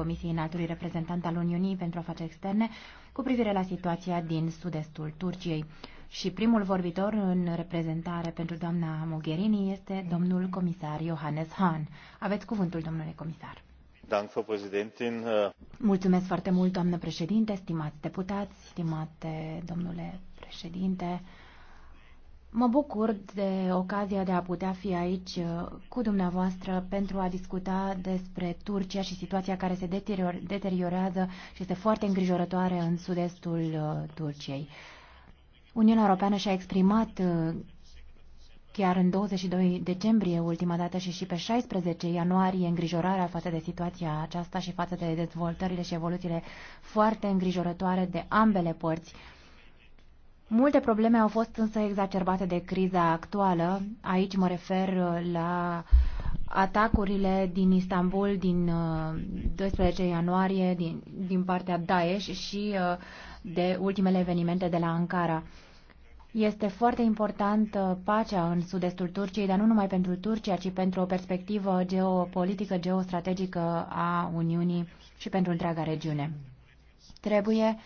Comisiei Înaltului Reprezentant al Uniunii pentru Afaceri Externe cu privire la situația din sud-estul Turciei. Și primul vorbitor în reprezentare pentru doamna Mogherini este domnul comisar Johannes Hahn. Aveți cuvântul, domnule comisar. Mulțumesc foarte mult, doamnă președinte, stimați deputați, stimate domnule președinte, Mă bucur de ocazia de a putea fi aici uh, cu dumneavoastră pentru a discuta despre Turcia și situația care se deteriorează și este foarte îngrijorătoare în sud-estul uh, Turciei. Uniunea Europeană și-a exprimat uh, chiar în 22 decembrie ultima dată și și pe 16 ianuarie îngrijorarea față de situația aceasta și față de dezvoltările și evoluțiile foarte îngrijorătoare de ambele părți Multe probleme au fost însă exacerbate de criza actuală. Aici mă refer uh, la atacurile din Istanbul din 12 uh, ianuarie din, din partea Daesh și uh, de ultimele evenimente de la Ankara. Este foarte important pacea în sud-estul Turciei, dar nu numai pentru Turcia, ci pentru o perspectivă geopolitică, geostrategică a Uniunii și pentru întreaga regiune. Trebuie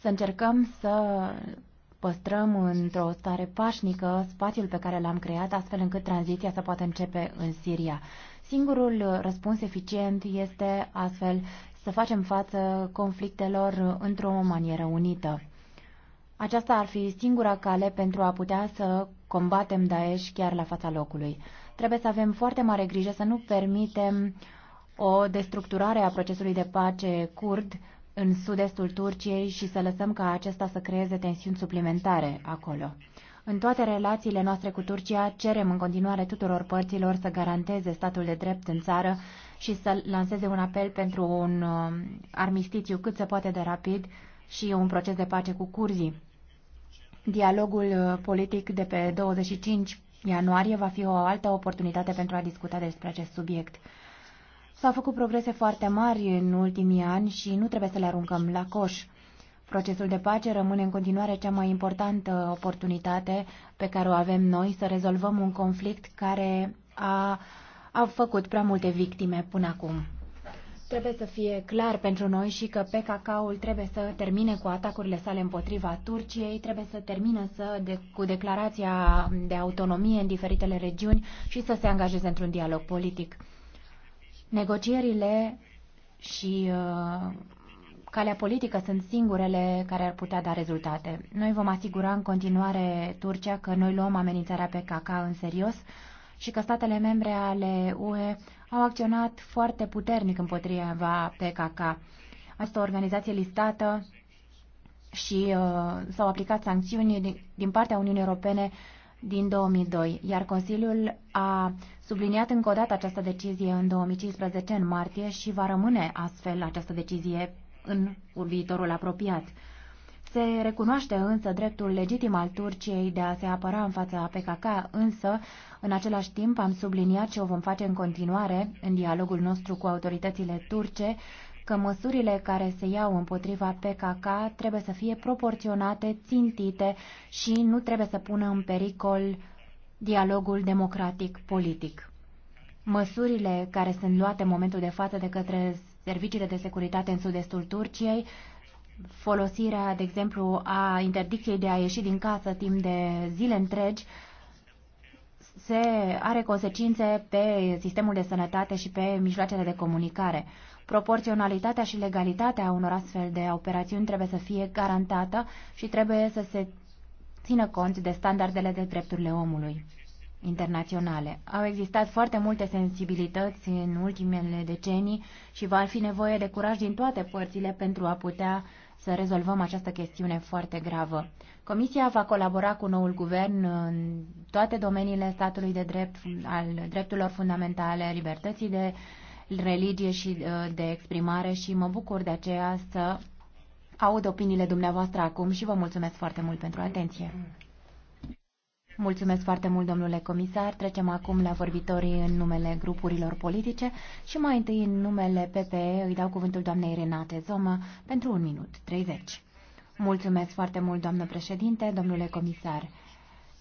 să încercăm să păstrăm într-o stare pașnică spațiul pe care l-am creat, astfel încât tranziția să poată începe în Siria. Singurul răspuns eficient este astfel să facem față conflictelor într-o manieră unită. Aceasta ar fi singura cale pentru a putea să combatem Daesh chiar la fața locului. Trebuie să avem foarte mare grijă să nu permitem o destructurare a procesului de pace curd în sud-estul Turciei și să lăsăm ca acesta să creeze tensiuni suplimentare acolo. În toate relațiile noastre cu Turcia, cerem în continuare tuturor părților să garanteze statul de drept în țară și să lanseze un apel pentru un uh, armistițiu cât se poate de rapid și un proces de pace cu curzii. Dialogul uh, politic de pe 25 ianuarie va fi o altă oportunitate pentru a discuta despre acest subiect. S-au făcut progrese foarte mari în ultimii ani și nu trebuie să le aruncăm la coș. Procesul de pace rămâne în continuare cea mai importantă oportunitate pe care o avem noi să rezolvăm un conflict care a, a făcut prea multe victime până acum. Trebuie să fie clar pentru noi și că PKK-ul trebuie să termine cu atacurile sale împotriva Turciei, trebuie să termine să de, cu declarația de autonomie în diferitele regiuni și să se angajeze într-un dialog politic. Negocierile și uh, calea politică sunt singurele care ar putea da rezultate. Noi vom asigura în continuare Turcia că noi luăm amenințarea pe caca în serios și că statele membre ale UE au acționat foarte puternic împotriva PKK. Asta o organizație listată și uh, s-au aplicat sancțiuni din, din partea Uniunii Europene uh, din 2002, iar Consiliul a subliniat încă o dată această decizie în 2015, în martie, și va rămâne astfel această decizie în viitorul apropiat. Se recunoaște însă dreptul legitim al Turciei de a se apăra în fața PKK, însă, în același timp, am subliniat ce o vom face în continuare în dialogul nostru cu autoritățile turce că măsurile care se iau împotriva PKK trebuie să fie proporționate, țintite și nu trebuie să pună în pericol dialogul democratic-politic. Măsurile care sunt luate în momentul de față de către serviciile de securitate în sud-estul Turciei, folosirea, de exemplu, a interdicției de a ieși din casă timp de zile întregi, se are consecințe pe sistemul de sănătate și pe mijloacele de comunicare. Proporționalitatea și legalitatea unor astfel de operațiuni trebuie să fie garantată și trebuie să se țină cont de standardele de drepturile omului internaționale. Au existat foarte multe sensibilități în ultimele decenii și va fi nevoie de curaj din toate părțile pentru a putea să rezolvăm această chestiune foarte gravă. Comisia va colabora cu noul guvern în toate domeniile statului de drept, al drepturilor fundamentale, libertății de religie și uh, de exprimare și mă bucur de aceea să aud opiniile dumneavoastră acum și vă mulțumesc foarte mult pentru atenție. Mulțumesc foarte mult, domnule comisar. Trecem acum la vorbitorii în numele grupurilor politice și mai întâi în numele PPE îi dau cuvântul doamnei Renate Zomă pentru un minut 30. Mulțumesc foarte mult, doamnă președinte, domnule comisar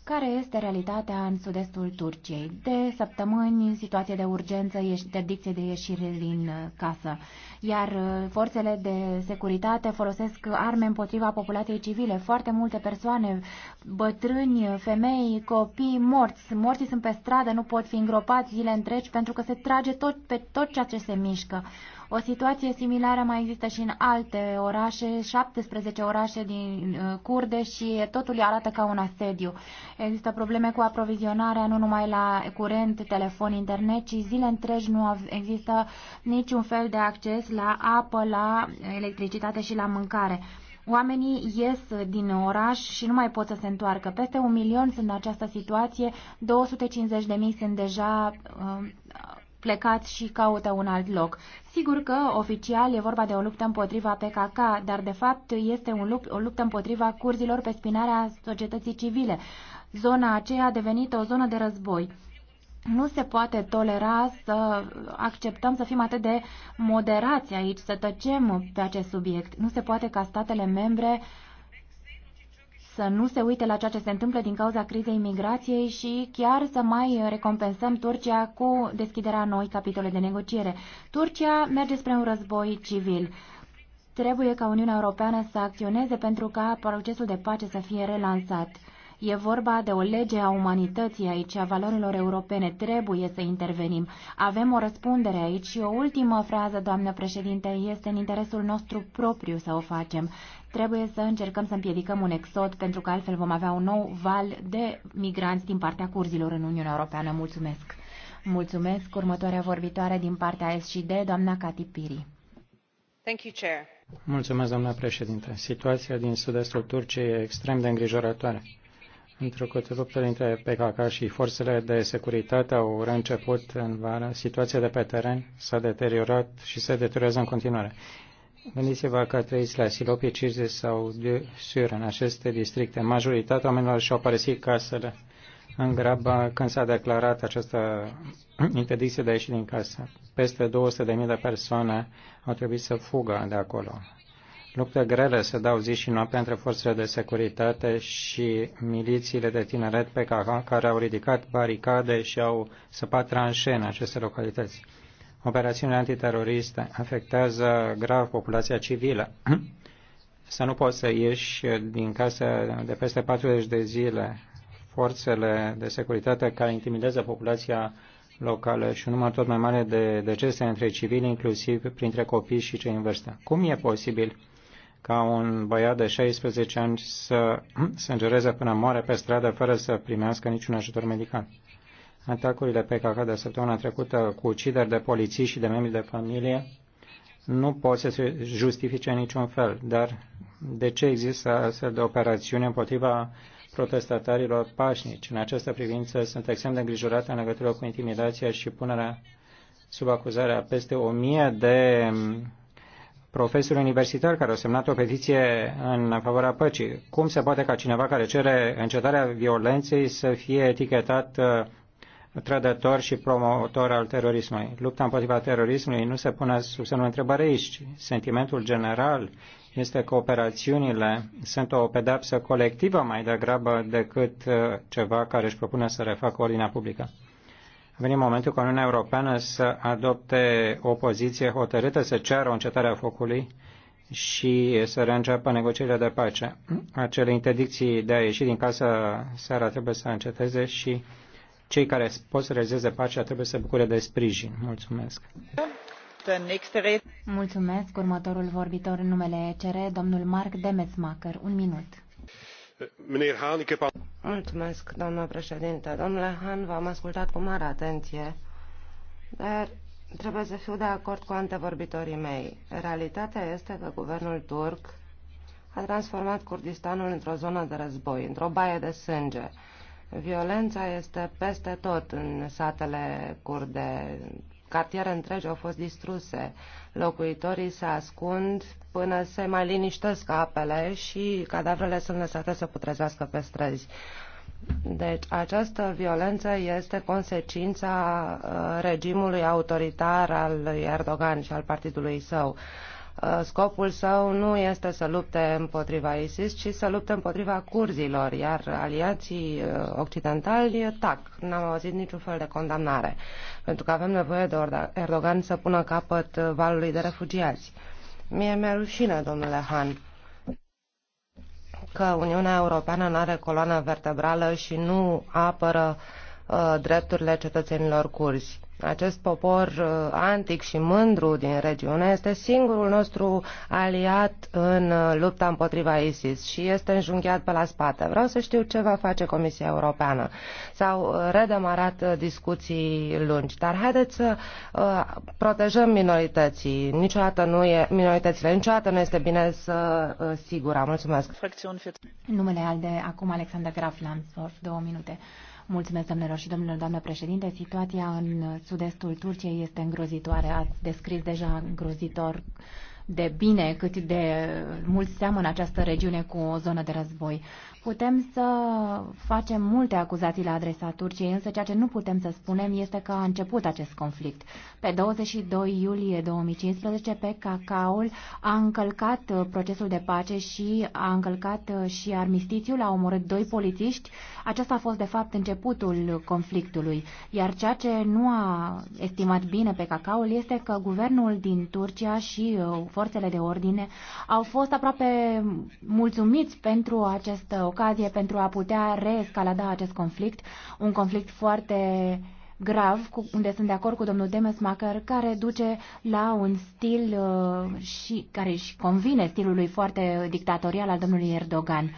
care este realitatea în sud-estul Turciei. De săptămâni, situație de urgență, interdicție de ieșire din uh, casă, iar uh, forțele de securitate folosesc arme împotriva populației civile. Foarte multe persoane, bătrâni, femei, copii, morți. Morții sunt pe stradă, nu pot fi îngropați zile întregi pentru că se trage tot, pe tot ceea ce se mișcă. O situație similară mai există și în alte orașe, 17 orașe din uh, curde și totul arată ca un asediu. Există probleme cu aprovizionarea nu numai la curent, telefon, internet, ci zile întregi nu există niciun fel de acces la apă, la electricitate și la mâncare. Oamenii ies din oraș și nu mai pot să se întoarcă. Peste un milion sunt în această situație, 250 de mii sunt deja uh, plecați și caută un alt loc. Sigur că, oficial, e vorba de o luptă împotriva PKK, dar de fapt este un lupt, o luptă împotriva curzilor pe spinarea societății civile. Zona aceea a devenit o zonă de război. Nu se poate tolera să acceptăm să fim atât de moderați aici, să tăcem pe acest subiect. Nu se poate ca statele membre uh, să nu se uite la ceea ce se întâmplă din cauza crizei migrației și chiar să mai recompensăm Turcia cu deschiderea noi capitole de negociere. Turcia merge spre un război civil. Trebuie ca Uniunea Europeană să acționeze pentru ca procesul de pace să fie relansat. E vorba de o lege a umanității aici, a valorilor europene. Trebuie să intervenim. Avem o răspundere aici și o ultimă frază, doamnă președinte, este în interesul nostru propriu să o facem. Trebuie să încercăm să împiedicăm un exod, pentru că altfel vom avea un nou val de migranți din partea curzilor în Uniunea Europeană. Mulțumesc! Mulțumesc! Următoarea vorbitoare din partea SD, doamna Cati Piri. Thank you, Chair. Mulțumesc, doamna președinte. Situația din sud-estul Turciei e extrem de îngrijorătoare Întrucât luptele între PKK și forțele de securitate au reînceput în vară, situația de pe teren s-a deteriorat și se deteriorează în continuare. Gândiți-vă că trăiți la Silopi, Cirze sau de Sur, în aceste districte. Majoritatea oamenilor și-au părăsit casele în grabă când s-a declarat această interdicție de a ieși din casă. Peste 200.000 de persoane au trebuit să fugă de acolo. Lupte grele se dau zi și noapte între forțele de securitate și milițiile de tineret pe care au ridicat baricade și au săpat tranșe în aceste localități. Operațiunile antiteroriste afectează grav populația civilă. să nu poți să ieși din casă de peste 40 de zile. Forțele de securitate care intimidează populația locală și un număr tot mai mare de decese între civili, inclusiv printre copii și cei în vârstă. Cum e posibil ca un băiat de 16 ani să sângereze până moare pe stradă fără să primească niciun ajutor medical. Atacurile PKK de săptămâna trecută cu ucideri de poliții și de membri de familie nu pot să se justifice în niciun fel, dar de ce există astfel de operațiuni împotriva protestatarilor pașnici? În această privință sunt extrem de îngrijorată în legătură cu intimidația și punerea sub acuzarea peste o mie de profesori universitari care au semnat o petiție în favoarea păcii. Cum se poate ca cineva care cere încetarea violenței să fie etichetat uh, trădător și promotor al terorismului? Lupta împotriva terorismului nu se pune sub semnul întrebare aici. Sentimentul general este că operațiunile sunt o pedapsă colectivă mai degrabă decât uh, ceva care își propune să refacă ordinea publică. A venit momentul ca Uniunea Europeană să adopte o poziție hotărâtă, să ceară o încetare a focului și să reînceapă negocierile de pace. Acele interdicții de a ieși din casă seara trebuie să înceteze și cei care pot să realizeze pacea trebuie să bucure de sprijin. Mulțumesc! Mulțumesc. Următorul vorbitor în numele ECR, domnul Mark Demesmacher. Un minut doamnă președintă Domnule Han, v-am ascultat cu mare atenție, dar trebuie să fiu de acord cu antevorbitorii mei. Realitatea este că guvernul turc a transformat Kurdistanul într-o zonă de război, într-o baie de sânge. Violența este peste tot în satele curde cartiere întregi au fost distruse. Locuitorii se ascund până se mai liniștesc apele și cadavrele sunt lăsate să putrezească pe străzi. Deci această violență este consecința uh, regimului autoritar al lui Erdogan și al partidului său. Uh, scopul său nu este să lupte împotriva ISIS, ci să lupte împotriva curzilor, iar aliații uh, occidentali tac. N-am auzit niciun fel de condamnare, pentru că avem nevoie de Erdogan să pună capăt uh, valului de refugiați. Mie mi-e rușine, domnule Han, că Uniunea Europeană nu are coloană vertebrală și nu apără uh, Uh, drepturile cetățenilor curzi. Acest popor uh, antic și mândru din regiune este singurul nostru aliat în uh, lupta împotriva ISIS și este înjunghiat pe la spate. Vreau să știu ce va face Comisia Europeană. S-au redemarat discuții lungi, dar haideți să protejăm minorității. Niciodată nu e, minoritățile niciodată nu este bine să sigura. Mulțumesc. Numele al de acum Alexander Graf Lansdorf, două minute. Mulțumesc, domnilor și domnilor, doamnă președinte. Situația în sud-estul Turciei este îngrozitoare. Ați descris deja îngrozitor de bine cât de mult seamănă această regiune cu o zonă de război. Putem să facem multe acuzații la adresa Turciei, însă ceea ce nu putem să spunem este că a început acest conflict. Pe 22 iulie 2015, pe Cacaul a încălcat uh, procesul de pace și a încălcat uh, și armistițiul, a omorât doi polițiști. Acesta a fost, de fapt, începutul conflictului. Iar ceea ce nu a estimat bine pe Cacaul este că guvernul din Turcia și uh, forțele de ordine au fost aproape mulțumiți pentru această ocazie pentru a putea reescalada acest conflict, un conflict foarte grav, cu, unde sunt de acord cu domnul Demesmacher, care duce la un stil uh, și care își convine stilului foarte dictatorial al domnului Erdogan.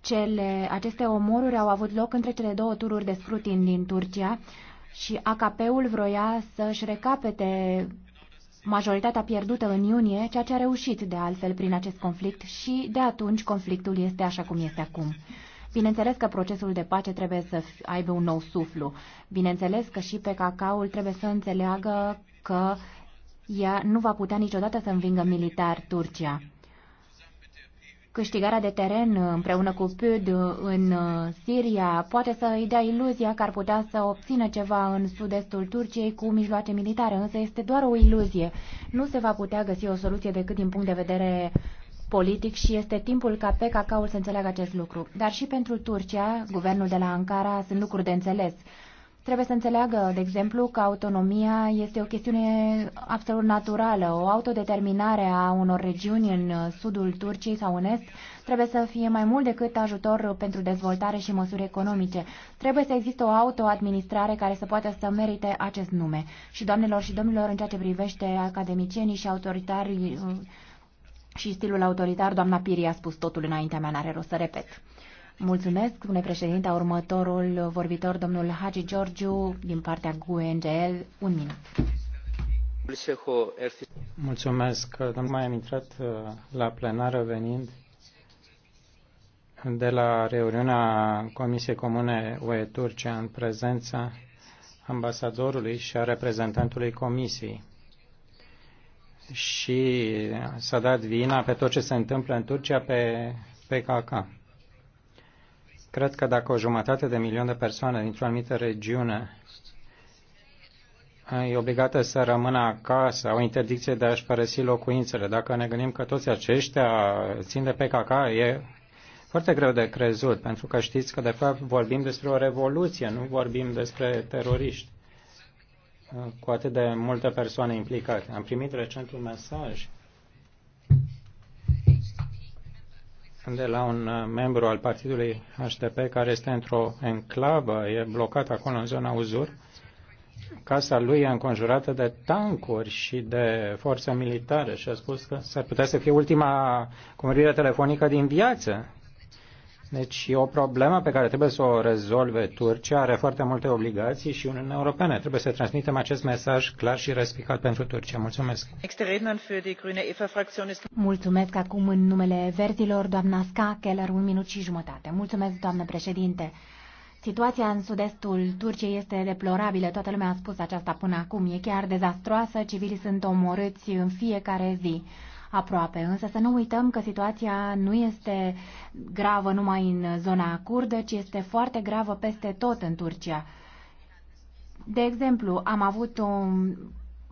Cele, aceste omoruri au avut loc între cele două tururi de scrutin din Turcia și AKP-ul vroia să-și recapete majoritatea pierdută în iunie, ceea ce a reușit de altfel prin acest conflict și de atunci conflictul este așa cum este acum. Bineînțeles că procesul de pace trebuie să aibă un nou suflu. Bineînțeles că și pe cacaul trebuie să înțeleagă că ea nu va putea niciodată să învingă militar Turcia câștigarea de teren uh, împreună cu PUD uh, în uh, Siria poate să îi dea iluzia că ar putea să obțină ceva în sud-estul Turciei cu mijloace militare, însă este doar o iluzie. Nu se va putea găsi o soluție decât din punct de vedere politic și este timpul ca pe ul să înțeleagă acest lucru. Dar și pentru Turcia, guvernul de la Ankara, sunt lucruri de înțeles trebuie să înțeleagă, de exemplu, că autonomia este o chestiune absolut naturală. O autodeterminare a unor regiuni în sudul Turciei sau în est trebuie să fie mai mult decât ajutor pentru dezvoltare și măsuri economice. Trebuie să existe o autoadministrare care să poată să merite acest nume. Și, doamnelor și domnilor, în ceea ce privește academicienii și autoritarii uh, și stilul autoritar, doamna Piri a spus totul înaintea mea, n-are rost să repet. Mulțumesc, domnule președinte. următorul vorbitor, domnul Hagi Georgiu, din partea GUNGL, un minut. Mulțumesc, nu mai am intrat uh, la plenară venind de la reuniunea Comisiei Comune UE-Turcia în prezența ambasadorului și a reprezentantului Comisiei. Și s-a dat vina pe tot ce se întâmplă în Turcia pe PKK. Cred că dacă o jumătate de milion de persoane dintr-o anumită regiune e obligată să rămână acasă, o interdicție de a-și părăsi locuințele. Dacă ne gândim că toți aceștia țin de PKK, e foarte greu de crezut, pentru că știți că, de fapt, vorbim despre o revoluție, nu vorbim despre teroriști cu atât de multe persoane implicate. Am primit recent un mesaj de la un uh, membru al partidului HDP care este într-o enclavă, e blocat acolo în zona Uzur. Casa lui e înconjurată de tancuri și de forțe militare și a spus că s-ar putea să fie ultima convorbire telefonică din viață. Deci e o problemă pe care trebuie să o rezolve Turcia, are foarte multe obligații și Uniunea Europeană. Trebuie să transmitem acest mesaj clar și răspicat pentru Turcia. Mulțumesc! Mulțumesc acum în numele verzilor, doamna Ska Keller, un minut și jumătate. Mulțumesc, doamnă președinte! Situația în sud-estul Turciei este deplorabilă, toată lumea a spus aceasta până acum. E chiar dezastroasă, civilii sunt omorâți în fiecare zi aproape. Însă să nu uităm că situația nu este gravă numai în zona curdă, ci este foarte gravă peste tot în Turcia. De exemplu, am avut un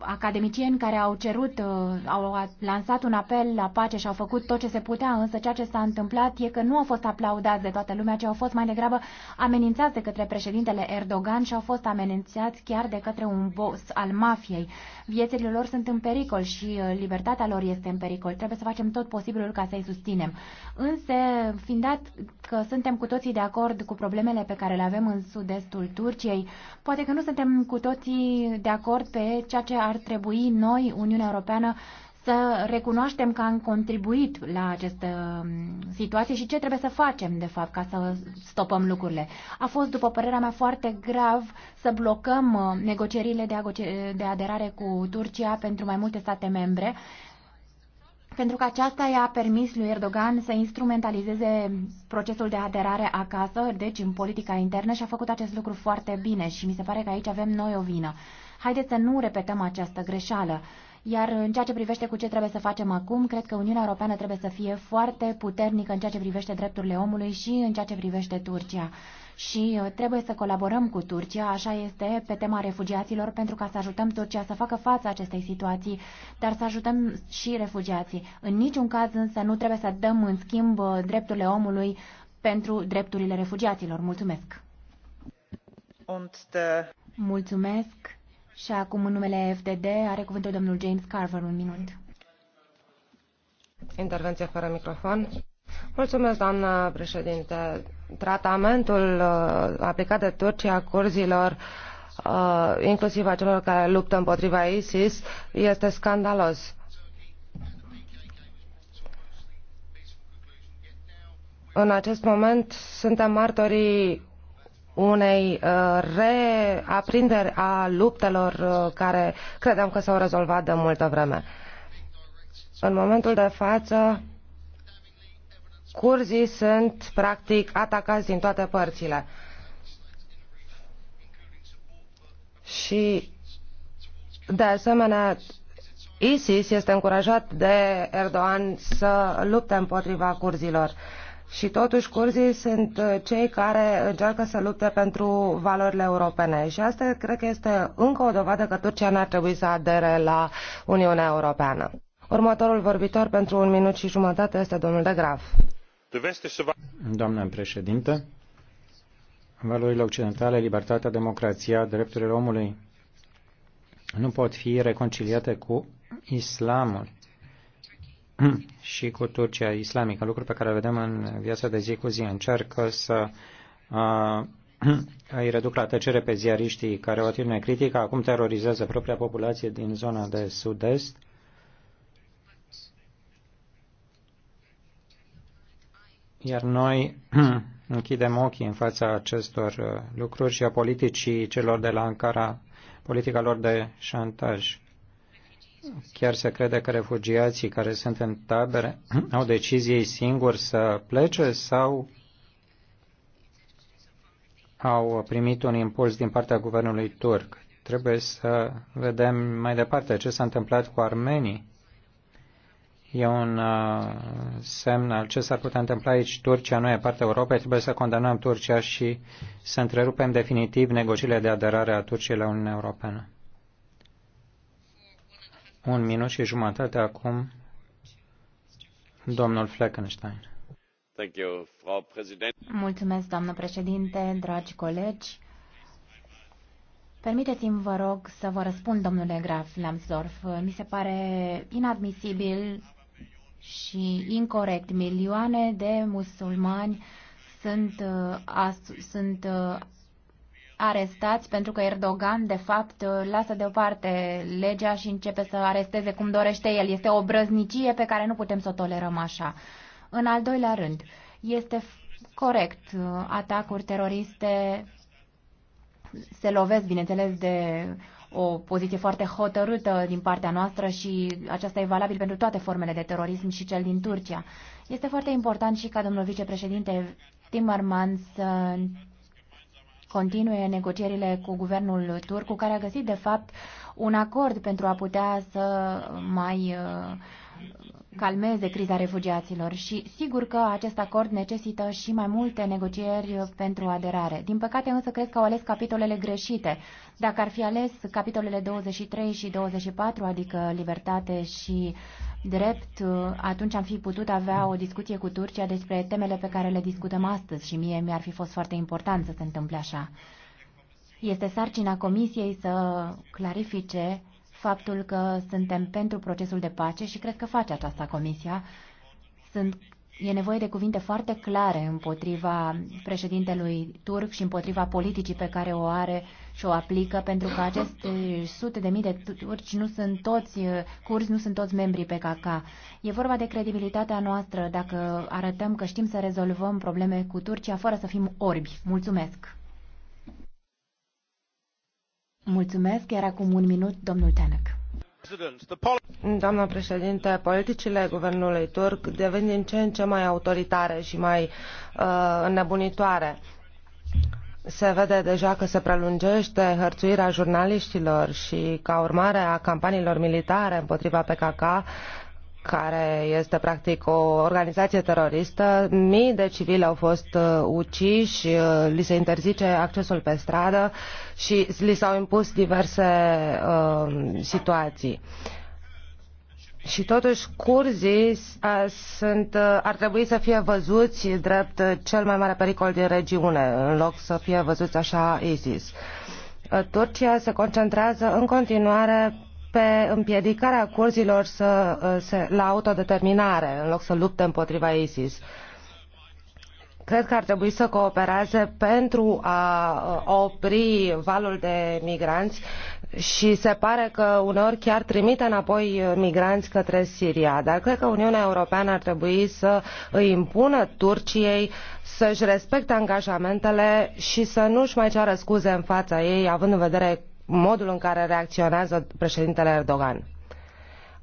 academicieni care au cerut, uh, au lansat un apel la pace și au făcut tot ce se putea, însă ceea ce s-a întâmplat e că nu au fost aplaudați de toată lumea, ci au fost mai degrabă amenințați de către președintele Erdogan și au fost amenințați chiar de către un boss al mafiei. Viețile lor sunt în pericol și uh, libertatea lor este în pericol. Trebuie să facem tot posibilul ca să-i susținem. Însă, fiind dat că suntem cu toții de acord cu problemele pe care le avem în sud-estul Turciei, poate că nu suntem cu toții de acord pe ceea ce ar ar trebui noi, Uniunea Europeană, să recunoaștem că am contribuit la această um, situație și ce trebuie să facem, de fapt, ca să stopăm lucrurile. A fost, după părerea mea, foarte grav să blocăm uh, negocierile de aderare cu Turcia pentru mai multe state membre, pentru că aceasta i-a permis lui Erdogan să instrumentalizeze procesul de aderare acasă, deci în politica internă, și a făcut acest lucru foarte bine și mi se pare că aici avem noi o vină. Haideți să nu repetăm această greșeală. Iar în ceea ce privește cu ce trebuie să facem acum, cred că Uniunea Europeană trebuie să fie foarte puternică în ceea ce privește drepturile omului și în ceea ce privește Turcia. Și uh, trebuie să colaborăm cu Turcia, așa este, pe tema refugiaților, pentru ca să ajutăm Turcia să facă față acestei situații, dar să ajutăm și refugiații. În niciun caz însă nu trebuie să dăm în schimb uh, drepturile omului pentru drepturile refugiaților. Mulțumesc! Uh, Mulțumesc! Și acum, în numele FDD, are cuvântul domnul James Carver, un minut. Intervenție fără microfon. Mulțumesc, doamnă președinte. Tratamentul uh, aplicat de Turcia curzilor uh, inclusiv a celor care luptă împotriva ISIS, este scandalos. În acest moment suntem martorii unei uh, reaprinderi a luptelor uh, care credeam că s-au rezolvat de multă vreme. În momentul de față, curzii sunt practic atacați din toate părțile. Și, de asemenea, ISIS este încurajat de Erdogan să lupte împotriva curzilor. Uh, și totuși curzii sunt uh, cei care încearcă să lupte pentru valorile europene. Și asta cred că este încă o dovadă că Turcia n-ar trebui să adere la Uniunea Europeană. Următorul vorbitor pentru un minut și jumătate este domnul de Graf. Doamnă președinte, valorile occidentale, libertatea, democrația, drepturile omului nu pot fi reconciliate cu islamul și cu Turcia islamică, lucruri pe care le vedem în viața de zi cu zi. Încearcă să a, îi reduc la tăcere pe ziariștii care o atitudine critică, acum terorizează propria populație din zona de sud-est. Iar noi închidem ochii în fața acestor uh, lucruri și a politicii celor de la Ankara, politica lor de șantaj. Chiar se crede că refugiații care sunt în tabere au decizie singuri să plece sau au primit un impuls din partea guvernului turc. Trebuie să vedem mai departe ce s-a întâmplat cu armenii. E un uh, semn al ce s-ar putea întâmpla aici. Turcia nu e partea Europei, trebuie să condamnăm Turcia și să întrerupem definitiv negocierile de aderare a Turciei la Uniunea Europeană. Un minut și jumătate acum, domnul Fleckenstein. Mulțumesc, doamnă președinte, dragi colegi. Permiteți-mi, vă rog, să vă răspund, domnule Graf Lambsdorff. Mi se pare inadmisibil și incorrect. Milioane de musulmani sunt, uh, as, sunt uh, arestați pentru că Erdogan, de fapt, lasă deoparte legea și începe să aresteze cum dorește el. Este o brăznicie pe care nu putem să o tolerăm așa. În al doilea rând, este corect, atacuri teroriste se lovesc, bineînțeles, de o poziție foarte hotărâtă din partea noastră și aceasta e valabil pentru toate formele de terorism și cel din Turcia. Este foarte important și ca domnul vicepreședinte Timmermans să continue negocierile cu guvernul turc, cu care a găsit, de fapt, un acord pentru a putea să mai uh, calmeze criza refugiaților și sigur că acest acord necesită și mai multe negocieri pentru aderare. Din păcate însă cred că au ales capitolele greșite. Dacă ar fi ales capitolele 23 și 24, adică libertate și drept, atunci am fi putut avea o discuție cu Turcia despre temele pe care le discutăm astăzi și mie mi-ar fi fost foarte important să se întâmple așa. Este sarcina Comisiei să clarifice faptul că suntem pentru procesul de pace și cred că face aceasta Comisia. Sunt, e nevoie de cuvinte foarte clare împotriva președintelui turc și împotriva politicii pe care o are și o aplică, pentru că aceste sute de mii de turci nu sunt toți, eh, curzi nu sunt toți membrii PKK. E vorba de credibilitatea noastră dacă arătăm că știm să rezolvăm probleme cu Turcia fără să fim orbi. Mulțumesc! Mulțumesc, iar acum un minut, domnul Tanăc. Doamna președinte, politicile guvernului turc devin din ce în ce mai autoritare și mai uh, înnebunitoare. Se vede deja că se prelungește hărțuirea jurnaliștilor și, ca urmare a campaniilor militare împotriva PKK, care este practic o organizație teroristă. Mii de civili au fost uh, uciși, uh, li se interzice accesul pe stradă și li s-au impus diverse uh, situații. Și totuși curzii uh, sunt, ar trebui să fie văzuți drept cel mai mare pericol din regiune, în loc să fie văzuți așa ISIS. Turcia se concentrează în continuare pe împiedicarea curzilor să, uh, să, la autodeterminare, în loc să lupte împotriva ISIS cred că ar trebui să coopereze pentru a uh, opri valul de migranți și se pare că uneori chiar trimite înapoi uh, migranți către Siria. Dar cred că Uniunea Europeană ar trebui să îi impună Turciei să-și respecte angajamentele și să nu-și mai ceară scuze în fața ei, având în vedere modul în care reacționează președintele Erdogan.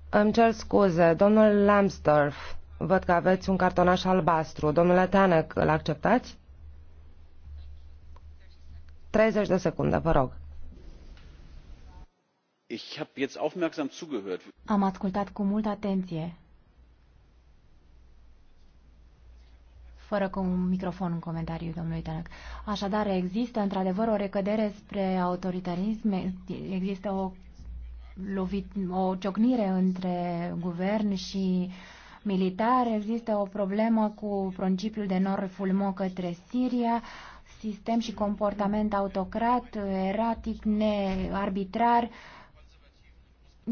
Îmi cer scuze, domnul Lambsdorff, văd că aveți un cartonaș albastru. Domnule Tanec, îl acceptați? 30 de secunde, vă rog. Am ascultat cu multă atenție fără cu un microfon în comentariu, domnului Tănăc. Așadar, există într-adevăr o recădere spre autoritarism, există o, lovit, o ciocnire între guvern și militar, există o problemă cu principiul de non fulmo către Siria, sistem și comportament autocrat, eratic, nearbitrar, arbitrar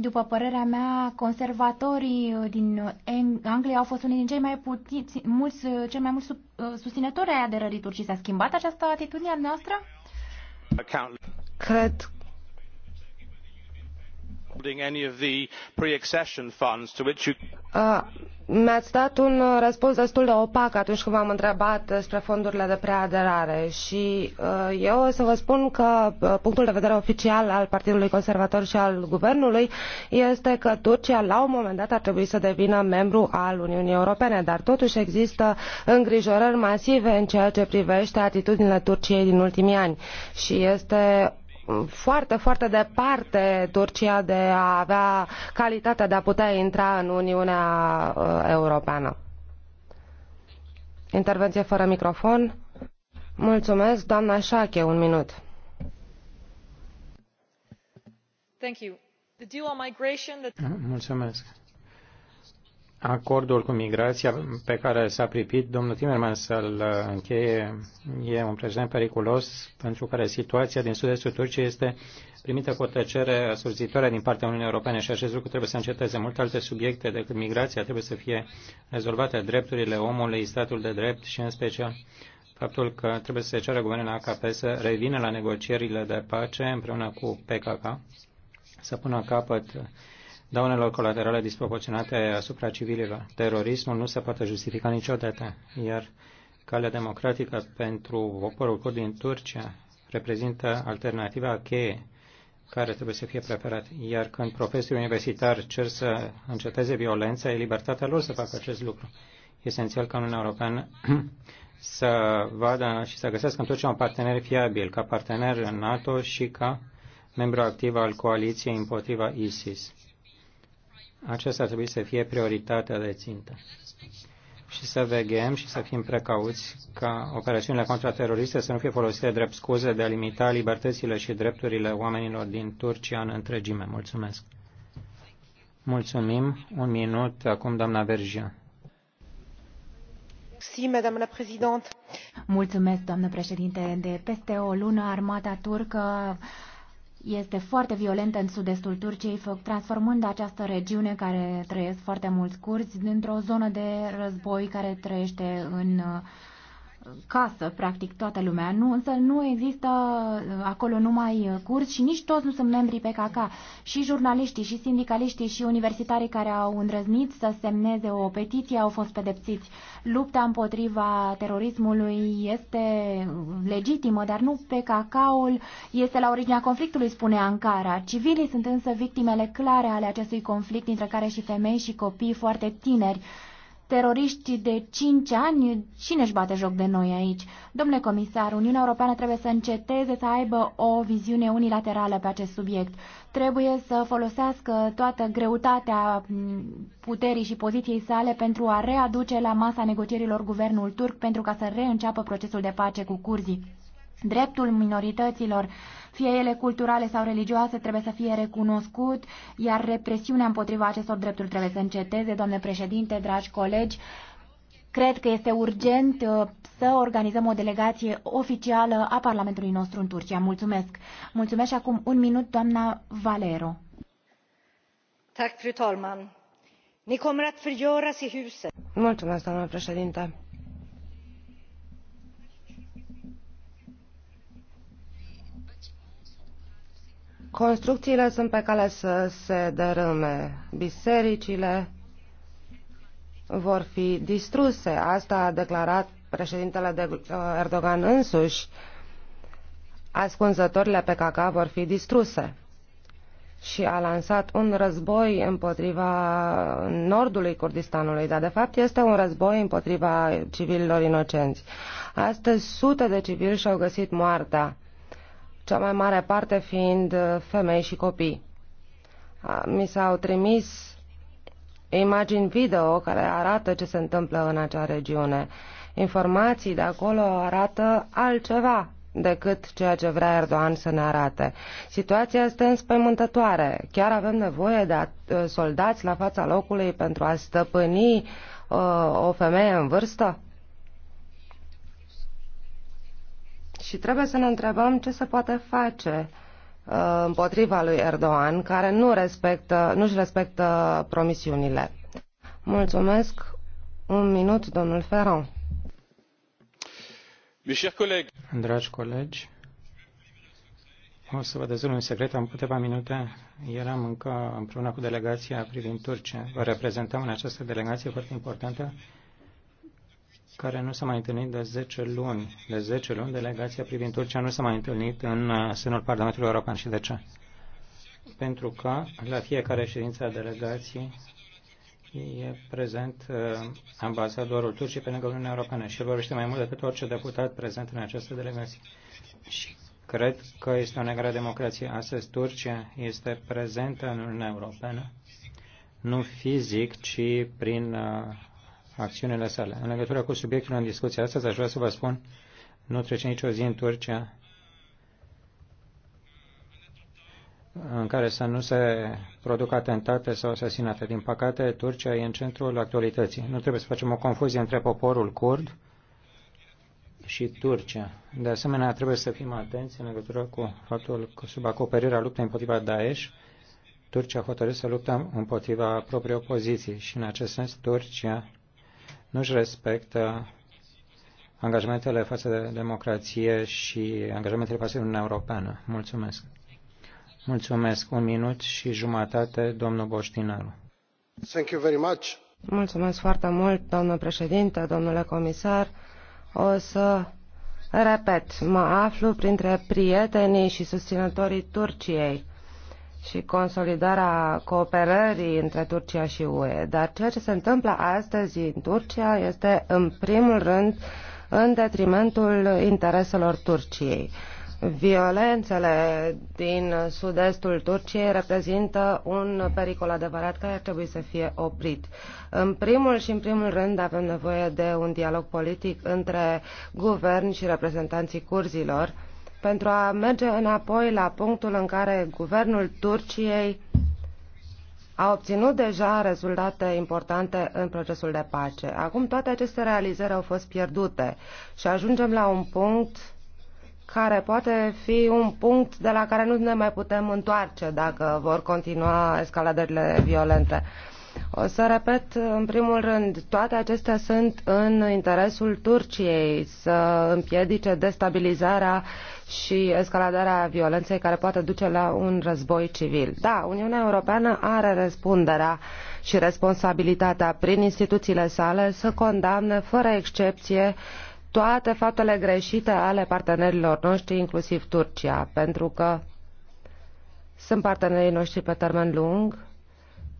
după părerea mea, conservatorii uh, din uh, Anglia au fost unii din cei mai puti, mulți, uh, cei mai mulți sub, susținători ai aderării Turcii. S-a schimbat această atitudine a noastră? Cred mi ați dat un uh, răspuns destul de opac atunci când v-am întrebat despre fondurile de preaderare și uh, eu o să vă spun că uh, punctul de vedere oficial al Partidului Conservator și al Guvernului este că Turcia la un moment dat ar trebui să devină membru al Uniunii Europene, dar totuși există îngrijorări masive în ceea ce privește atitudinile Turciei din ultimii ani și este foarte, foarte departe Turcia de a avea calitatea de a putea intra în Uniunea uh, Europeană. Intervenție fără microfon. Mulțumesc, doamna Șache, un minut. Mulțumesc acordul cu migrația pe care s-a pripit domnul Timmermans să-l încheie e un precedent periculos pentru care situația din sud-estul Turciei este primită cu o tăcere asurzitoare din partea Uniunii Europene și acest lucru trebuie să înceteze. Multe alte subiecte decât migrația trebuie să fie rezolvate, drepturile omului, statul de drept și în special faptul că trebuie să se ceară guvernul AKP să revină la negocierile de pace împreună cu PKK, să pună capăt daunelor colaterale disproporționate asupra civililor. Terorismul nu se poate justifica niciodată, iar calea democratică pentru poporul curd din Turcia reprezintă alternativa cheie care trebuie să fie preferat. Iar când profesorii universitari cer să înceteze violența, e libertatea lor să facă acest lucru. E esențial ca Uniunea Europeană să vadă și să găsească în un partener fiabil, ca partener în NATO și ca membru activ al coaliției împotriva ISIS. Acesta ar trebui să fie prioritatea de țintă. Și să veghem și să fim precauți ca operațiunile contrateroriste să nu fie folosite drept scuze de a limita libertățile și drepturile oamenilor din Turcia în întregime. Mulțumesc. Mulțumim. Un minut acum, doamna Vergia. Mulțumesc, doamnă președinte. De peste o lună, armata turcă este foarte violentă în sud-estul Turciei, transformând această regiune care trăiesc foarte mulți curzi dintr-o zonă de război care trăiește în uh, casă, practic toată lumea, nu, însă nu există uh, acolo numai uh, curți și nici toți nu sunt membrii PKK. Și jurnaliștii, și sindicaliștii, și universitarii care au îndrăznit să semneze o petiție au fost pedepsiți. Lupta împotriva terorismului este uh, legitimă, dar nu PKK-ul este la originea conflictului, spune Ankara. Civilii sunt însă victimele clare ale acestui conflict, dintre care și femei și copii foarte tineri teroriști de 5 ani, cine își bate joc de noi aici? Domnule comisar, Uniunea Europeană trebuie să înceteze să aibă o viziune unilaterală pe acest subiect. Trebuie să folosească toată greutatea mm, puterii și poziției sale pentru a readuce la masa negocierilor guvernul turc pentru ca să reînceapă procesul de pace cu curzii. Dreptul minorităților, fie ele culturale sau religioase, trebuie să fie recunoscut, iar represiunea împotriva acestor drepturi trebuie să înceteze. Doamne președinte, dragi colegi, cred că este urgent uh, să organizăm o delegație oficială a Parlamentului nostru în Turcia. Mulțumesc! Mulțumesc și acum un minut, doamna Valero. Mulțumesc, doamna președinte Construcțiile sunt pe cale să se dărâme. Bisericile vor fi distruse. Asta a declarat președintele de uh, Erdogan însuși. Ascunzătorile PKK vor fi distruse și a lansat un război împotriva nordului Kurdistanului, dar de fapt este un război împotriva civililor inocenți. Astăzi sute de civili și-au găsit moartea cea mai mare parte fiind uh, femei și copii. Mi s-au trimis imagini video care arată ce se întâmplă în acea regiune. Informații de acolo arată altceva decât ceea ce vrea Erdogan să ne arate. Situația este înspăimântătoare. Chiar avem nevoie de uh, soldați la fața locului pentru a stăpâni uh, o femeie în vârstă? Și trebuie să ne întrebăm ce se poate face uh, împotriva lui Erdogan, care nu respectă, nu-și respectă promisiunile. Mulțumesc. Un minut, domnul Ferron. Dragi colegi, o să vă dezvăluie un secret. Am câteva minute, eram încă împreună cu delegația privind Turcia. Vă reprezentăm în această delegație foarte importantă care nu s-a mai întâlnit de 10 luni. De 10 luni, delegația privind Turcia nu s-a mai întâlnit în uh, sânul Parlamentului European. Și de ce? Pentru că la fiecare ședință a delegației e prezent uh, ambasadorul Turciei pe lângă Uniunea Europeană și el vorbește mai mult decât orice deputat prezent în această delegație. Și cred că este o negare democrație. Astăzi Turcia este prezentă în Uniunea Europeană, nu fizic, ci prin uh, acțiunile sale. În legătură cu subiectul în discuție astăzi, aș vrea să vă spun, nu trece nicio zi în Turcia în care să nu se producă atentate sau asasinate. Din păcate, Turcia e în centrul actualității. Nu trebuie să facem o confuzie între poporul curd și Turcia. De asemenea, trebuie să fim atenți în legătură cu faptul că sub acoperirea luptei împotriva Daesh, Turcia hotărât să luptăm împotriva propriei opoziții și în acest sens Turcia nu-și respectă angajamentele față de democrație și angajamentele față de Uniunea Europeană. Mulțumesc. Mulțumesc. Un minut și jumătate, domnul Boștinaru. Thank you very much. Mulțumesc foarte mult, domnul președinte, domnule comisar. O să repet, mă aflu printre prietenii și susținătorii Turciei și consolidarea cooperării între Turcia și UE. Dar ceea ce se întâmplă astăzi în Turcia este, în primul rând, în detrimentul intereselor Turciei. Violențele din sud-estul Turciei reprezintă un pericol adevărat care ar trebui să fie oprit. În primul și în primul rând avem nevoie de un dialog politic între guvern și reprezentanții curzilor pentru a merge înapoi la punctul în care guvernul Turciei a obținut deja rezultate importante în procesul de pace. Acum toate aceste realizări au fost pierdute și ajungem la un punct care poate fi un punct de la care nu ne mai putem întoarce dacă vor continua escaladările violente. O să repet, în primul rând, toate acestea sunt în interesul Turciei să împiedice destabilizarea și escaladarea violenței care poate duce la un război civil. Da, Uniunea Europeană are răspunderea și responsabilitatea prin instituțiile sale să condamne fără excepție toate faptele greșite ale partenerilor noștri, inclusiv Turcia, pentru că sunt partenerii noștri pe termen lung,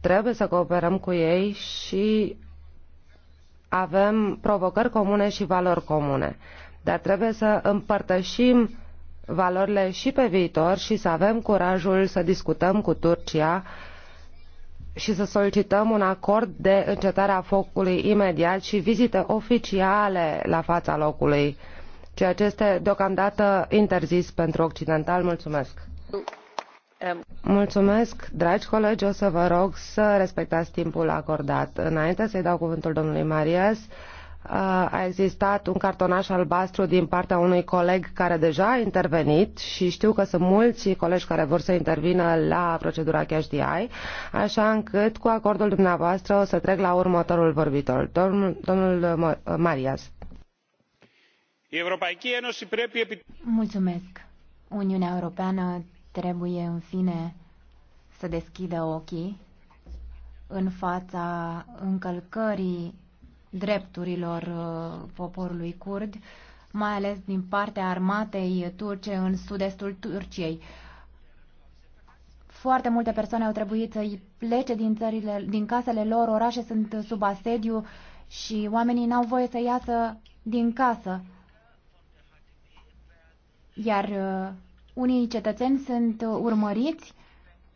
trebuie să cooperăm cu ei și avem provocări comune și valori comune. Dar trebuie să împărtășim valorile și pe viitor și să avem curajul să discutăm cu Turcia și să solicităm un acord de încetare a focului imediat și vizite oficiale la fața locului, ceea ce este deocamdată interzis pentru occidental. Mulțumesc! Mulțumesc, dragi colegi, o să vă rog să respectați timpul acordat. Înainte să-i dau cuvântul domnului Marias, a existat un cartonaș albastru din partea unui coleg care deja a intervenit și știu că sunt mulți colegi care vor să intervină la procedura Cash DI, așa încât cu acordul dumneavoastră o să trec la următorul vorbitor, domnul, domnul Marias. Mulțumesc. Uniunea Europeană trebuie în fine să deschidă ochii în fața încălcării drepturilor uh, poporului curd, mai ales din partea armatei turce în sud-estul Turciei. Foarte multe persoane au trebuit să plece din, țările, din casele lor, orașe sunt sub asediu și oamenii n-au voie să iasă din casă. Iar uh, unii cetățeni sunt urmăriți,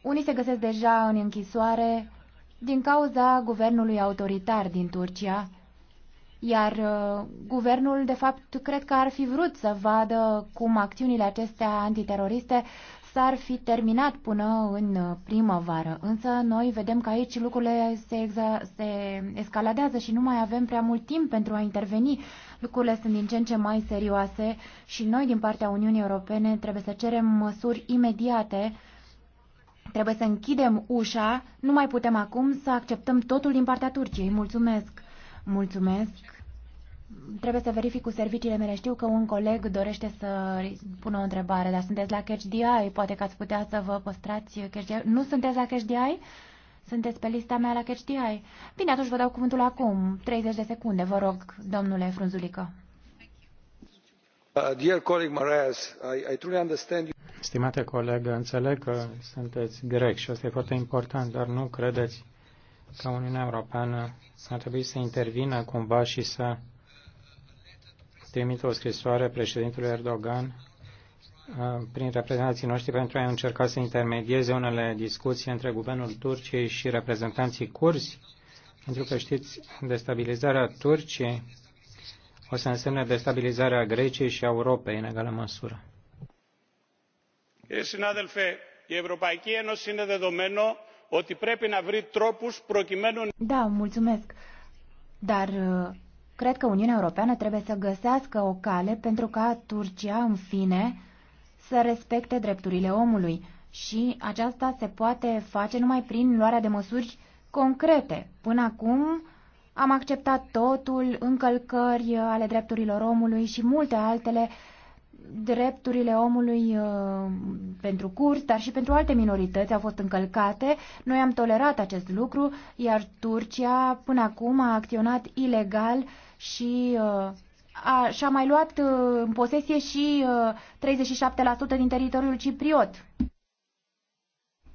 unii se găsesc deja în închisoare din cauza guvernului autoritar din Turcia, iar uh, guvernul, de fapt, cred că ar fi vrut să vadă cum acțiunile acestea antiteroriste s-ar fi terminat până în primăvară. Însă noi vedem că aici lucrurile se, se escaladează și nu mai avem prea mult timp pentru a interveni. Lucrurile sunt din ce în ce mai serioase și noi, din partea Uniunii Europene, trebuie să cerem măsuri imediate Trebuie să închidem ușa, nu mai putem acum să acceptăm totul din partea Turciei. Mulțumesc! Mulțumesc. Trebuie să verific cu serviciile mele. Știu că un coleg dorește să pună o întrebare, dar sunteți la CashDI. Poate că ați putea să vă păstrați CashDI. Nu sunteți la CashDI? Sunteți pe lista mea la CashDI? Bine, atunci vă dau cuvântul acum. 30 de secunde, vă rog, domnule Frunzulică. Uh, dear colleague I, truly understand you. Stimate coleg, înțeleg că sunteți grec și asta e foarte important, dar nu credeți ca Uniunea Europeană ar trebui să intervină cumva și să trimită o scrisoare președintelui Erdogan uh, prin reprezentanții noștri pentru a încerca să intermedieze unele discuții între guvernul Turciei și reprezentanții curzi, pentru că știți, destabilizarea Turciei o să însemne destabilizarea Greciei și a Europei în egală măsură. Κύριε συνάδελφε, η Ευρωπαϊκή Ένωση είναι δεδομένο ότι πρέπει να βρει τρόπους προκειμένου... Da, mulțumesc. Dar uh, cred că Uniunea Europeană trebuie să găsească o cale pentru ca Turcia, în fine, să respecte drepturile omului. Și aceasta se poate face numai prin luarea de măsuri concrete. Până acum am acceptat totul, încălcări ale drepturilor omului și multe altele drepturile omului uh, pentru curți, dar și pentru alte minorități au fost încălcate. Noi am tolerat acest lucru, iar Turcia până acum a acționat ilegal și uh, a, și-a mai luat uh, în posesie și 37% din teritoriul cipriot.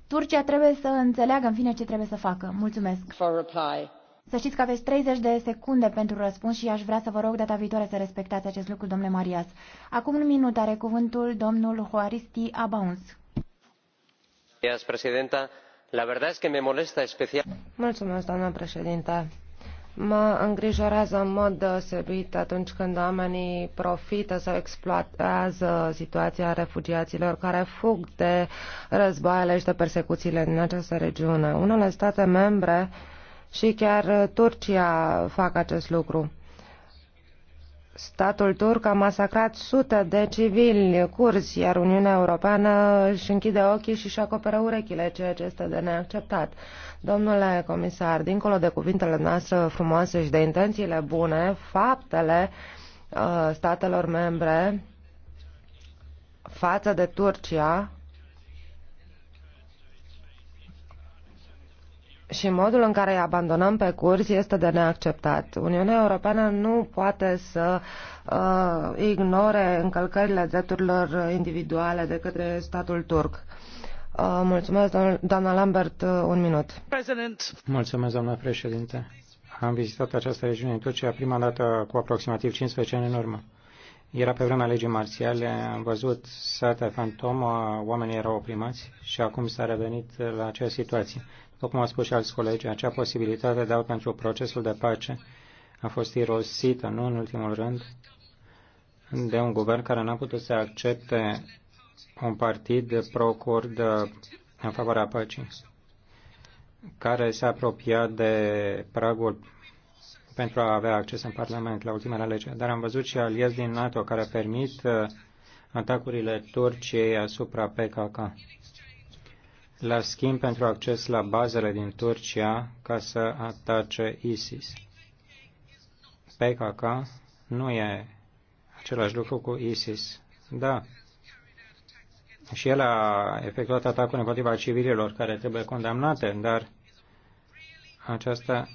Turcia trebuie să înțeleagă în fine ce trebuie să facă. Mulțumesc. For reply. Să știți că aveți 30 de secunde pentru răspuns și aș vrea să vă rog data viitoare să respectați acest lucru, domnule Marias. Acum un minut are cuvântul domnul Juaristi Abauns. Mulțumesc, doamnă președinte. Mă îngrijorează în mod deosebit atunci când oamenii profită sau exploatează situația refugiaților care fug de războaiele și de persecuțiile din această regiune. Unele state membre și chiar uh, Turcia fac acest lucru. Statul turc a masacrat sute de civili curzi, iar Uniunea Europeană își închide ochii și își acoperă urechile, ceea ce este de neacceptat. Domnule comisar, dincolo de cuvintele noastre frumoase și de intențiile bune, faptele uh, statelor membre față de Turcia și modul în care îi abandonăm pe curs este de neacceptat. Uniunea Europeană nu poate să uh, ignore încălcările drepturilor individuale de către statul turc. Uh, mulțumesc, doamna Lambert, uh, un minut. President. Mulțumesc, doamna președinte. Am vizitat această regiune în Turcia prima dată cu aproximativ 15 ani în urmă. Era pe vremea legii marțiale, am văzut sate fantomă, oamenii erau oprimați și acum s-a revenit la acea situație. După cum au spus și alți colegi, acea posibilitate de a pentru procesul de pace a fost irosită, nu în ultimul rând, de un guvern care n-a putut să accepte un partid pro-curd uh, în favoarea păcii, care se apropia de pragul pentru a avea acces în Parlament la ultimele alegeri. Dar am văzut și aliați din NATO care permit uh, atacurile Turciei asupra PKK la schimb pentru acces la bazele din Turcia ca să atace ISIS. PKK nu e același lucru cu ISIS. Da. Și el a efectuat atacuri împotriva civililor care trebuie condamnate, dar această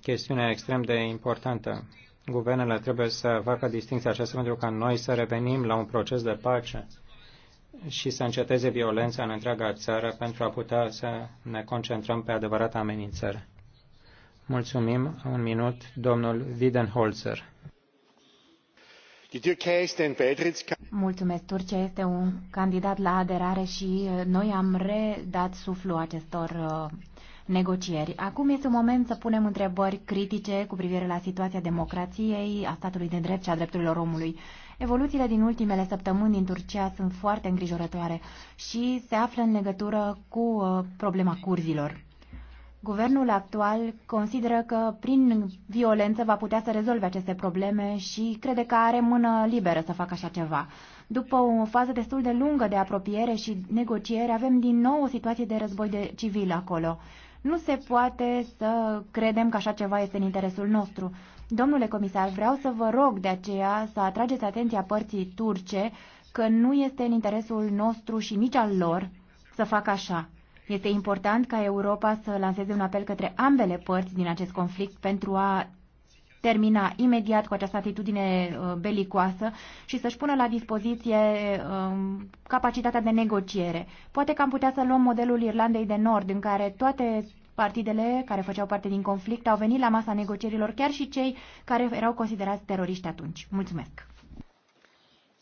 chestiune extrem de importantă. Guvernele trebuie să facă distinția aceasta pentru ca noi să revenim la un proces de pace și să înceteze violența în întreaga țară pentru a putea să ne concentrăm pe adevărata amenințare. Mulțumim. Un minut, domnul Widenholzer. Mulțumesc. Turcia este un candidat la aderare și uh, noi am redat suflu acestor uh, negocieri. Acum este un moment să punem întrebări critice cu privire la situația democrației, a statului de drept și a drepturilor omului. Evoluțiile din ultimele săptămâni din Turcia sunt foarte îngrijorătoare și se află în legătură cu uh, problema curzilor. Guvernul actual consideră că prin violență va putea să rezolve aceste probleme și crede că are mână liberă să facă așa ceva. După o fază destul de lungă de apropiere și negociere, avem din nou o situație de război de civil acolo. Nu se poate să credem că așa ceva este în interesul nostru. Domnule comisar, vreau să vă rog de aceea să atrageți atenția părții turce că nu este în interesul nostru și nici al lor să facă așa. Este important ca Europa să lanseze un apel către ambele părți din acest conflict pentru a termina imediat cu această atitudine uh, belicoasă și să-și pună la dispoziție um, capacitatea de negociere. Poate că am putea să luăm modelul Irlandei de Nord, în care toate partidele care făceau parte din conflict au venit la masa negocierilor, chiar și cei care erau considerați teroriști atunci. Mulțumesc!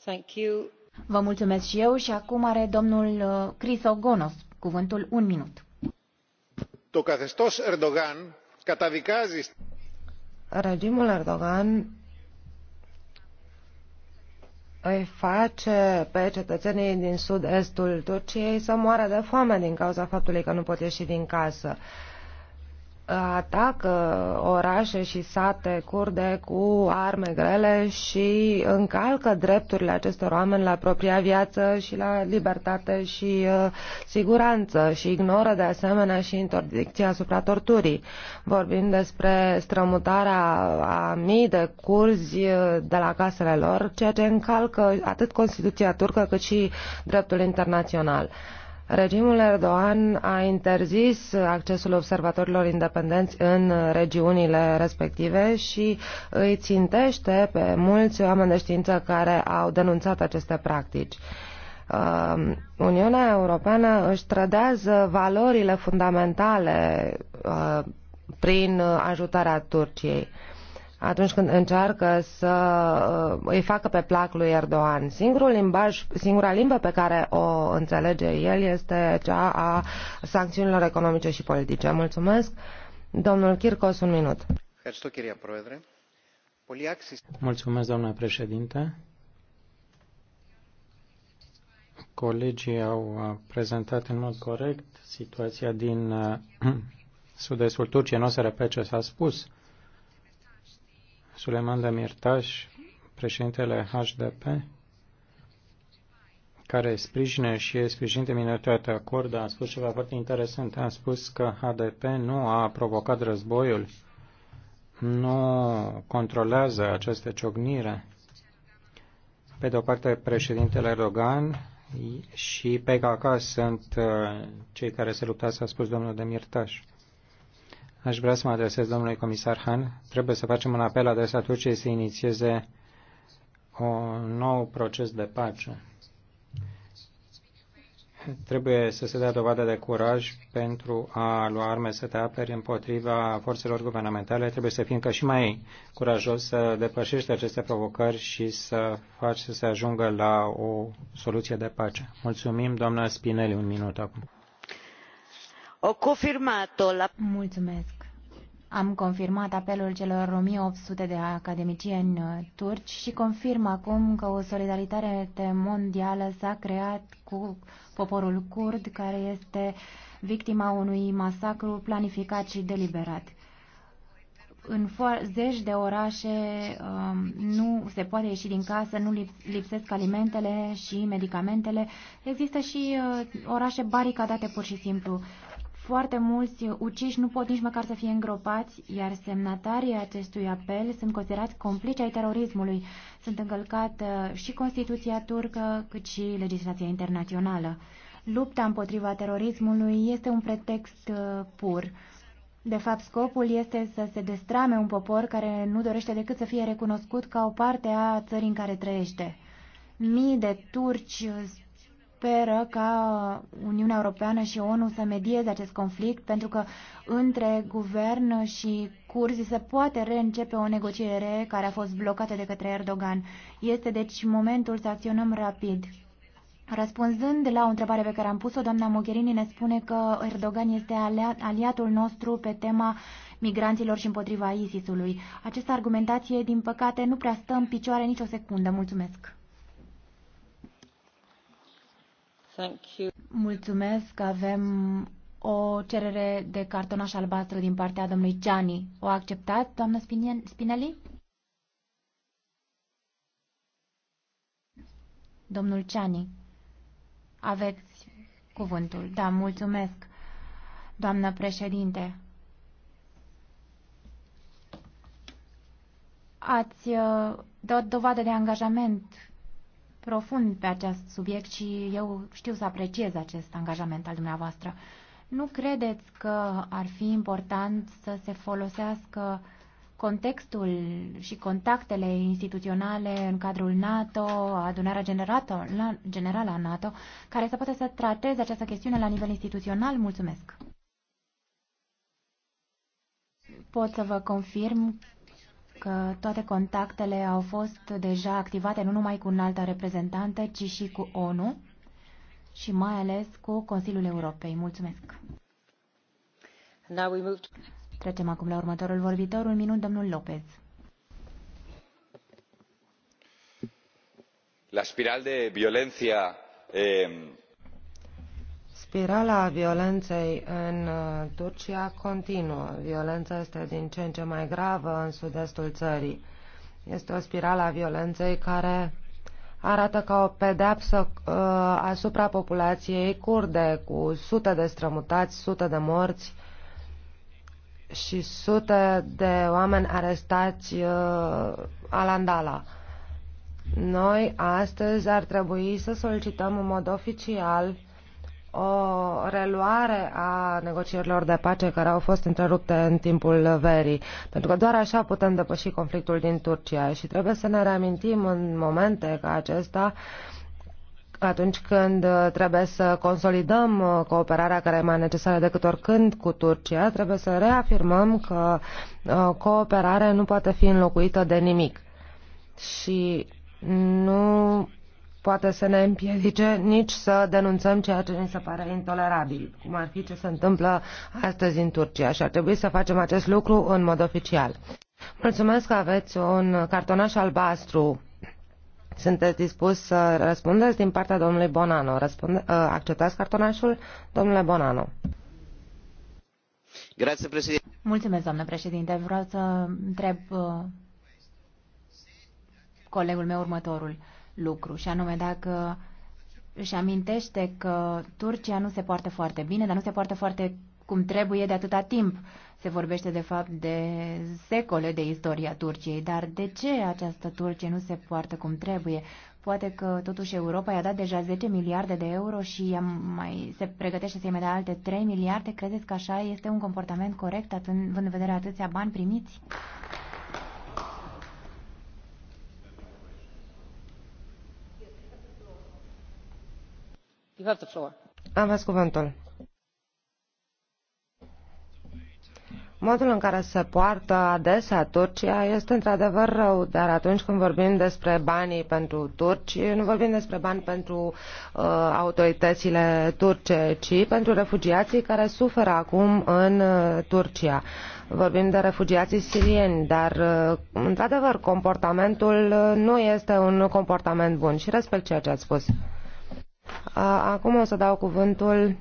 Thank you. Vă mulțumesc și eu și acum are domnul uh, Ogonos cuvântul un minut. Το καθεστώς Ερντογάν καταδικάζει regimul Erdogan îi face pe cetățenii din sud-estul Turciei să moară de foame din cauza faptului că nu pot ieși din casă atacă orașe și sate curde cu arme grele și încalcă drepturile acestor oameni la propria viață și la libertate și uh, siguranță și ignoră de asemenea și interdicția asupra torturii. Vorbim despre strămutarea a mii de curzi uh, de la casele lor, ceea ce încalcă atât Constituția turcă cât și dreptul internațional. Uh, Regimul Erdogan a interzis accesul observatorilor independenți în regiunile respective și îi țintește pe mulți oameni de știință care au denunțat aceste practici. Um, Uniunea Europeană își trădează valorile fundamentale uh, prin ajutarea Turciei atunci când încearcă să uh, îi facă pe plac lui Erdogan. Singurul limbaj, singura limbă pe care o înțelege el este cea a sancțiunilor economice și politice. Mulțumesc. Domnul Kirkos, un minut. Mulțumesc, doamna președinte. Colegii au uh, prezentat în mod corect situația din uh, sud-estul Turciei. Nu o să repet ce s-a spus Suleiman Demirtaș, președintele HDP, care sprijină și e sprijin de minoritatea acordă, a spus ceva foarte interesant. A spus că HDP nu a provocat războiul, nu controlează această ciocnire. Pe de o parte, președintele Erdogan și PKK sunt uh, cei care se luptă, a spus domnul Demirtaș. Aș vrea să mă adresez domnului comisar Han. Trebuie să facem un apel adresa Turciei să inițieze un nou proces de pace. Trebuie să se dea dovadă de curaj pentru a lua arme să te aperi împotriva forțelor guvernamentale. Trebuie să fim ca și mai curajos să depășești aceste provocări și să faci să se ajungă la o soluție de pace. Mulțumim, doamna Spinelli, un minut acum. Am confirmat apelul celor 1800 de academicieni uh, turci și confirm acum că o solidaritate mondială s-a creat cu poporul kurd care este victima unui masacru planificat și deliberat. În zeci de orașe um, nu se poate ieși din casă, nu lipsesc alimentele și medicamentele. Există și uh, orașe baricadate pur și simplu. Foarte mulți uciși nu pot nici măcar să fie îngropați, iar semnatarii acestui apel sunt considerați complici ai terorismului. Sunt încălcată uh, și Constituția turcă, cât și legislația internațională. Lupta împotriva terorismului este un pretext uh, pur. De fapt, scopul este să se destrame un popor care nu dorește decât să fie recunoscut ca o parte a țării în care trăiește. Mii de turci speră ca Uniunea Europeană și ONU să medieze acest conflict, pentru că între guvern și curzi se poate reîncepe o negociere care a fost blocată de către Erdogan. Este deci momentul să acționăm rapid. Răspunzând la o întrebare pe care am pus-o, doamna Mogherini ne spune că Erdogan este aliatul nostru pe tema migranților și împotriva ISIS-ului. Această argumentație, din păcate, nu prea stă în picioare nicio secundă. Mulțumesc! Mulțumesc. Avem o cerere de cartonaș albastru din partea domnului Gianni. O acceptat. doamnă Spinelli? Domnul Ciani, aveți cuvântul. Da, mulțumesc, doamnă președinte. Ați uh, dat dovadă de angajament profund pe acest subiect și eu știu să apreciez acest angajament al dumneavoastră. Nu credeți că ar fi important să se folosească contextul și contactele instituționale în cadrul NATO, adunarea generală a NATO, care să poată să trateze această chestiune la nivel instituțional? Mulțumesc! Pot să vă confirm că toate contactele au fost deja activate nu numai cu înalta reprezentantă, ci și cu ONU și mai ales cu Consiliul Europei. Mulțumesc! Trecem acum la următorul vorbitor, un minut, domnul Lopez. La spiral de violență eh, Spirala violenței în uh, Turcia continuă. Violența este din ce în ce mai gravă în sud-estul țării. Este o spirală a violenței care arată ca o pedeapsă uh, asupra populației kurde, cu sute de strămutați, sute de morți și sute de oameni arestați uh, alandala. Noi astăzi ar trebui să solicităm în mod oficial uh, o reluare a negocierilor de pace care au fost întrerupte în timpul verii, pentru că doar așa putem depăși conflictul din Turcia și trebuie să ne reamintim în momente ca acesta atunci când trebuie să consolidăm cooperarea care e mai necesară decât oricând cu Turcia, trebuie să reafirmăm că uh, cooperarea nu poate fi înlocuită de nimic. Și nu poate să ne împiedice nici să denunțăm ceea ce ni se pare intolerabil, cum ar fi ce se întâmplă astăzi în Turcia și ar trebui să facem acest lucru în mod oficial. Mulțumesc că aveți un cartonaș albastru. Sunteți dispus să răspundeți din partea domnului Bonano. Răspunde, ă, acceptați cartonașul, domnule Bonano? Grazie, președinte. Mulțumesc, doamnă președinte. Vreau să întreb ă, colegul meu următorul lucru, și anume dacă își amintește că Turcia nu se poartă foarte bine, dar nu se poartă foarte cum trebuie de atâta timp. Se vorbește de fapt de secole de istoria Turciei, dar de ce această Turcie nu se poartă cum trebuie? Poate că totuși Europa i-a dat deja 10 miliarde de euro și mai, se pregătește să-i mai dea alte 3 miliarde. Credeți că așa este un comportament corect având în vedere atâția bani primiți? Modul în care se poartă adesea Turcia este într-adevăr rău, dar atunci când vorbim despre banii pentru turci, nu vorbim despre bani pentru uh, autoritățile turce, ci pentru refugiații care suferă acum în uh, Turcia. Vorbim de refugiații sirieni, dar, uh, într-adevăr, comportamentul uh, nu este un comportament bun și respect ceea ce ați spus. Acum o să dau cuvântul.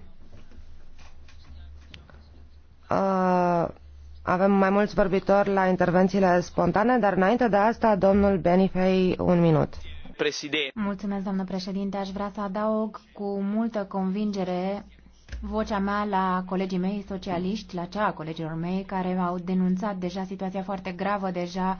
Avem mai mulți vorbitori la intervențiile spontane, dar înainte de asta, domnul Benifei, un minut. Președinte. Mulțumesc, doamnă președinte. Aș vrea să adaug cu multă convingere vocea mea la colegii mei socialiști, la cea a colegilor mei care au denunțat deja situația foarte gravă deja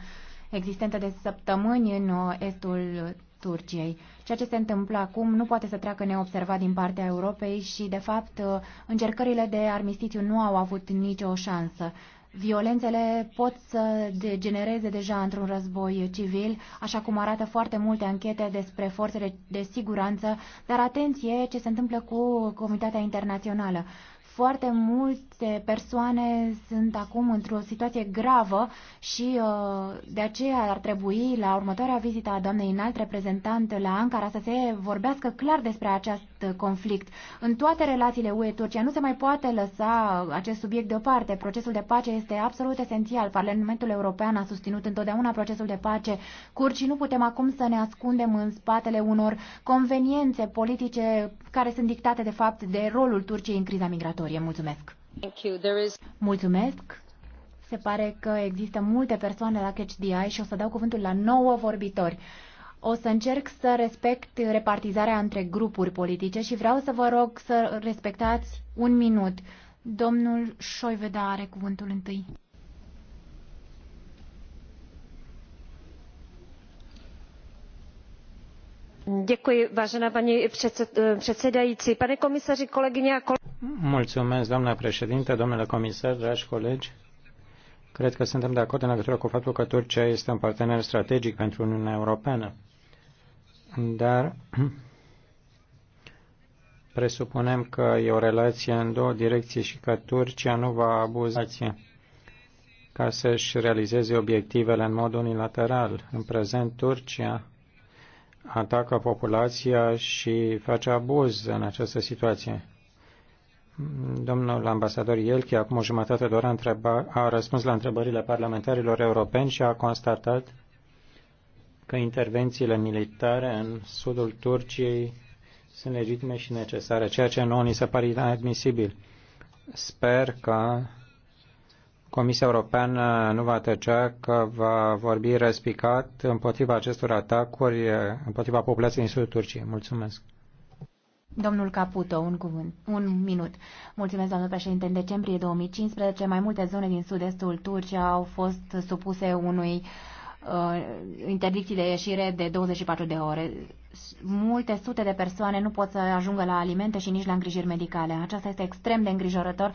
existentă de săptămâni în estul Turciei. Ceea ce se întâmplă acum nu poate să treacă neobservat din partea Europei și, de fapt, încercările de armistițiu nu au avut nicio șansă. Violențele pot să degenereze deja într-un război civil, așa cum arată foarte multe anchete despre forțele de siguranță, dar atenție ce se întâmplă cu comunitatea internațională. Foarte multe persoane sunt acum într-o situație gravă și uh, de aceea ar trebui la următoarea vizită a doamnei înalt reprezentant la Ankara să se vorbească clar despre acest conflict. În toate relațiile UE-Turcia nu se mai poate lăsa acest subiect deoparte. Procesul de pace este absolut esențial. Parlamentul European a susținut întotdeauna procesul de pace. Curcii nu putem acum să ne ascundem în spatele unor conveniențe politice care sunt dictate de fapt de rolul Turciei în criza migratorie obligatorie. Mulțumesc! Mulțumesc! Se pare că există multe persoane la CHDI și o să dau cuvântul la nouă vorbitori. O să încerc să respect repartizarea între grupuri politice și vreau să vă rog să respectați un minut. Domnul Șoiveda are cuvântul întâi. Mulțumesc, doamna președinte, domnule comisar, dragi colegi. Cred că suntem de acord în legătură cu faptul că Turcia este un partener strategic pentru Uniunea Europeană. Dar presupunem că e o relație în două direcții și că Turcia nu va abuza ca să-și realizeze obiectivele în mod unilateral. În prezent, Turcia atacă populația și face abuz în această situație. Domnul ambasador Ielchi, acum o jumătate de oră, a răspuns la întrebările parlamentarilor europeni și a constatat că intervențiile militare în sudul Turciei sunt legitime și necesare, ceea ce nouă ni se pare inadmisibil. Sper că Comisia Europeană nu va tăcea că va vorbi răspicat împotriva acestor atacuri, împotriva populației din sudul Turciei. Mulțumesc. Domnul Caputo, un cuvânt, un minut. Mulțumesc, domnul președinte. În decembrie 2015, mai multe zone din sud-estul Turciei au fost supuse unui uh, Uh, interdicții de ieșire de 24 de ore. Multe sute de persoane nu pot să ajungă la alimente și nici la îngrijiri medicale. Aceasta este extrem de îngrijorător,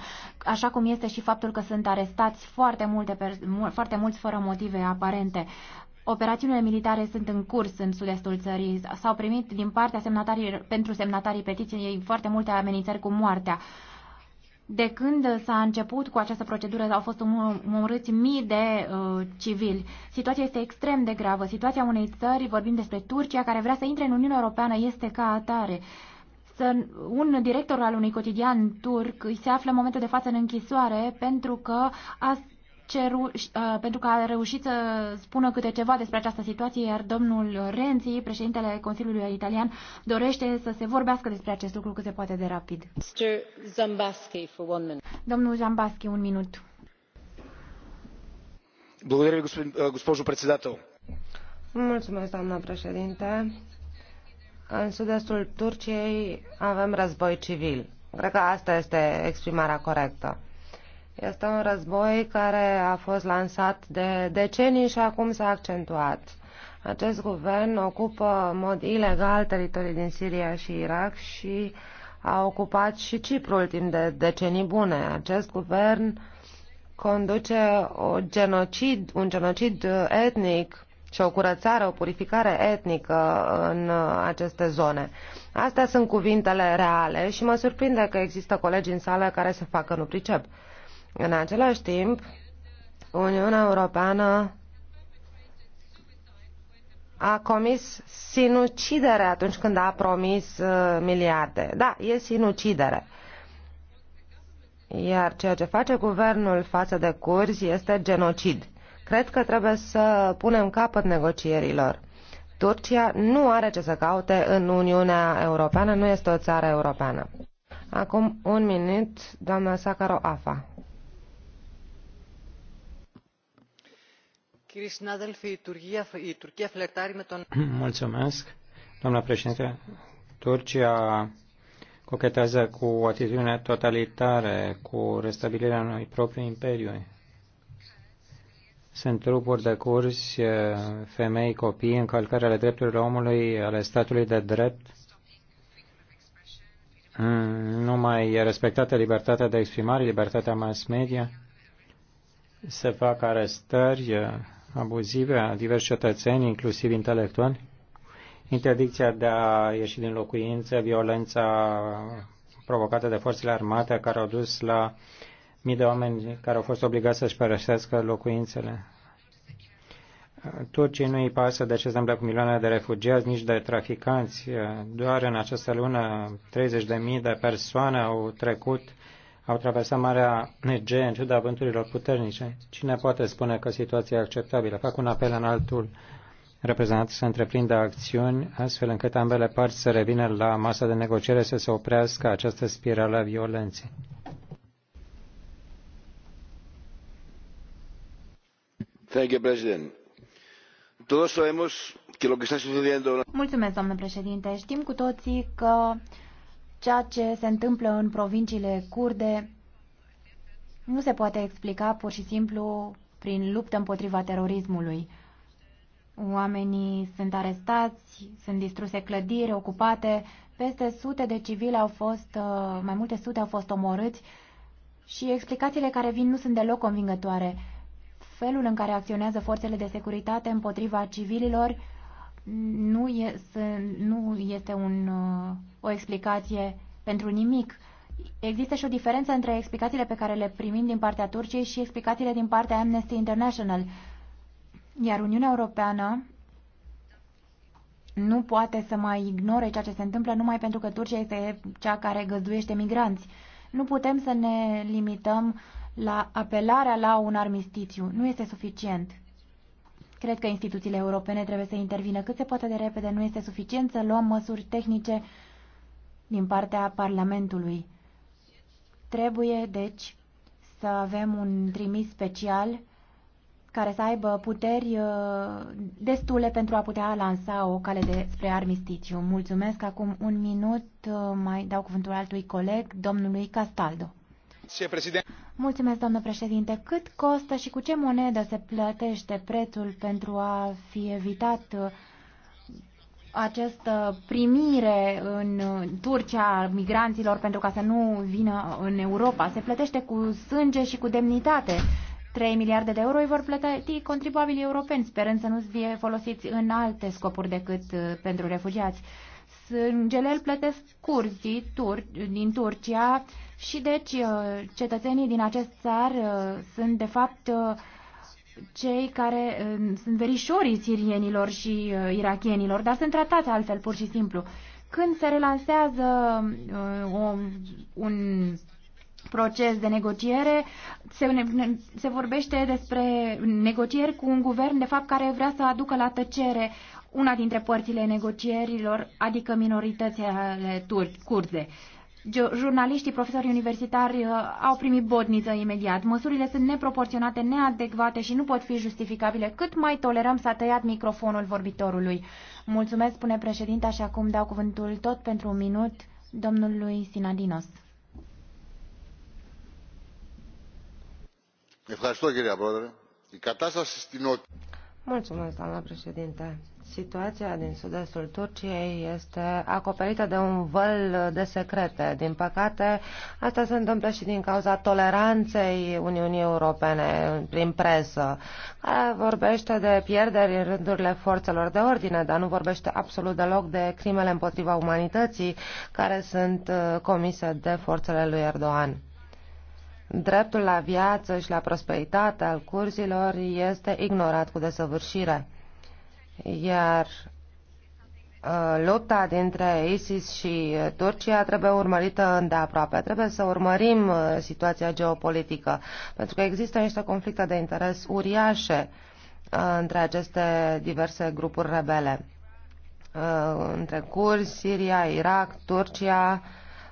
așa cum este și faptul că sunt arestați foarte, multe foarte mulți fără motive aparente. Operațiunile militare sunt în curs în sud-estul țării. S-au primit din partea semnatarii, pentru semnatarii petiției foarte multe amenințări cu moartea. Uh, de când s-a început cu această procedură, au fost omorâți mii de uh, civili. Situația este extrem de gravă. Situația unei țări, vorbim despre Turcia, care vrea să intre în Uniunea Europeană, este ca atare. Să, un director al unui cotidian turc se află în momentul de față în închisoare pentru că a ceru, uh, pentru că a reușit să spună câte ceva despre această situație, iar domnul Renzi, președintele Consiliului Italian, dorește să se vorbească despre acest lucru cât se poate de rapid. Zambaschi, for one minute. Domnul Zambaschi, un minut. Mulțumesc, doamnă președinte. În sud-estul Turciei avem război civil. Cred că asta este exprimarea corectă. Este un război care a fost lansat de decenii și acum s-a accentuat. Acest guvern ocupă în mod ilegal teritorii din Siria și Irak și a ocupat și Ciprul timp de decenii bune. Acest guvern conduce o genocid, un genocid etnic și o curățare, o purificare etnică în aceste zone. Astea sunt cuvintele reale și mă surprinde că există colegi în sală care se facă nu pricep. În același timp, Uniunea Europeană a comis sinucidere atunci când a promis uh, miliarde. Da, e sinucidere. Iar ceea ce face guvernul față de curzi este genocid. Cred că trebuie să punem capăt negocierilor. Turcia nu are ce să caute în Uniunea Europeană, nu este o țară europeană. Acum un minut, doamna Sakaro Afa. Mulțumesc, doamna președinte. Turcia cochetează cu o atitudine totalitară, cu restabilirea unui propriu imperiu. Sunt trupuri de curzi, femei, copii, încălcări ale drepturilor omului, ale statului de drept. Mm, nu mai e respectată libertatea de exprimare, libertatea mass media. Se fac arestări, abuzive a diversi cetățeni, inclusiv intelectuali, interdicția de a ieși din locuință, violența provocată de forțele armate care au dus la mii de oameni care au fost obligați să-și părăsească locuințele. Turcii nu îi pasă de ce se întâmplă cu milioane de refugiați, nici de traficanți. Doar în această lună 30.000 de persoane au trecut uh, au traversat Marea Egee în ciuda vânturilor puternice. Cine poate spune că situația e acceptabilă? Fac un apel în altul reprezentant să întreprindă acțiuni astfel încât ambele părți să revină la masa de negociere să se oprească această spirală a violenței. Mulțumesc, doamnă președinte. Știm cu toții că Ceea ce se întâmplă în provinciile kurde nu se poate explica pur și simplu prin luptă împotriva terorismului. Oamenii sunt arestați, sunt distruse clădiri ocupate, peste sute de civili au fost, uh, mai multe sute au fost omorâți și explicațiile care vin nu sunt deloc convingătoare. Felul în care acționează forțele de securitate împotriva civililor nu, e, nu este un, uh, o explicație pentru nimic. Există și o diferență între explicațiile pe care le primim din partea Turciei și explicațiile din partea Amnesty International. Iar Uniunea Europeană nu poate să mai ignore ceea ce se întâmplă numai pentru că Turcia este cea care găzduiește migranți. Nu putem să ne limităm la apelarea la un armistițiu. Nu este suficient. Cred că instituțiile europene trebuie să intervină cât se poate de repede. Nu este suficient să luăm măsuri tehnice din partea Parlamentului. Trebuie, deci, să avem un trimis special care să aibă puteri uh, destule pentru a putea lansa o cale de spre armisticiu. Mulțumesc. Acum un minut uh, mai dau cuvântul altui coleg, domnului Castaldo. Mulțumesc, doamnă președinte. Cât costă și cu ce monedă se plătește prețul pentru a fi evitat uh, această primire în uh, Turcia a migranților pentru ca să nu vină în Europa? Se plătește cu sânge și cu demnitate. 3 miliarde de euro îi vor plăti contribuabilii europeni, sperând să nu fie folosiți în alte scopuri decât uh, pentru refugiați. Sângele îl plătesc curzii tur- din Turcia, și deci uh, cetățenii din acest țar uh, sunt de fapt uh, cei care sunt verișorii sirienilor și irachienilor, dar sunt tratați altfel pur și simplu. Când se relansează un proces de negociere, se, se vorbește despre negocieri cu un guvern, de fapt, care vrea să aducă la tăcere una dintre părțile negocierilor, adică minoritățile turci, curze. Jurnaliștii, profesori universitari uh, au primit botniță imediat. Măsurile sunt neproporționate, neadecvate și nu pot fi justificabile. Cât mai tolerăm s-a tăiat microfonul vorbitorului. Mulțumesc, spune președinta, și acum dau cuvântul tot pentru un minut domnului Sinadinos. Mulțumesc, doamna președinte. Situația din sud-estul Turciei este acoperită de un văl de secrete. Din păcate, asta se întâmplă și din cauza toleranței Uniunii Europene prin presă, care vorbește de pierderi în rândurile forțelor de ordine, dar nu vorbește absolut deloc de crimele împotriva umanității care sunt uh, comise de forțele lui Erdogan. Dreptul la viață și la prosperitate al curzilor este ignorat cu desăvârșire iar uh, lupta dintre ISIS și Turcia trebuie urmărită îndeaproape. Trebuie să urmărim uh, situația geopolitică, pentru că există niște conflicte de interes uriașe uh, între aceste diverse grupuri rebele, între Kurzi, Siria, Irak, Turcia,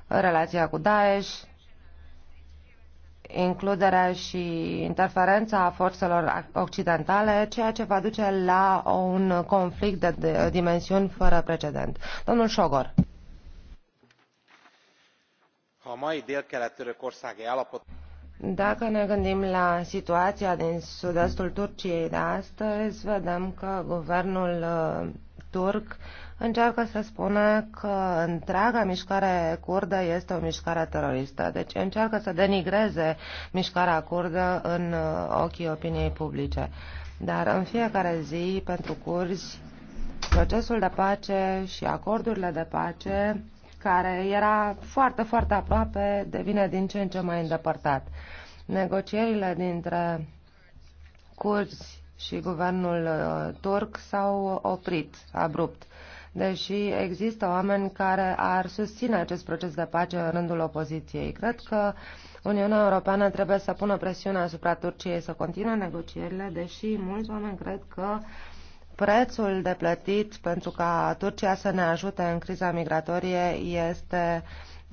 relația cu Daesh includerea și interferența a forțelor occidentale, ceea ce va duce la un conflict de dimensiuni fără precedent. Domnul Șogor. mai Dacă ne gândim la situația din sud-estul Turciei de astăzi, vedem că guvernul uh, turc uh, încearcă să spună că întreaga mișcare curdă este o mișcare teroristă. Deci încearcă să denigreze mișcarea curdă în uh, ochii opiniei publice. Dar în fiecare zi, pentru curzi, procesul de pace și acordurile de pace, care era foarte, foarte aproape, devine din ce în ce mai îndepărtat. Negocierile dintre curzi și guvernul uh, turc s-au oprit abrupt deși există oameni care ar susține acest proces de pace în rândul opoziției. Cred că Uniunea Europeană trebuie să pună presiune asupra Turciei să continue negocierile, deși mulți oameni cred că prețul de plătit pentru ca Turcia să ne ajute în criza migratorie este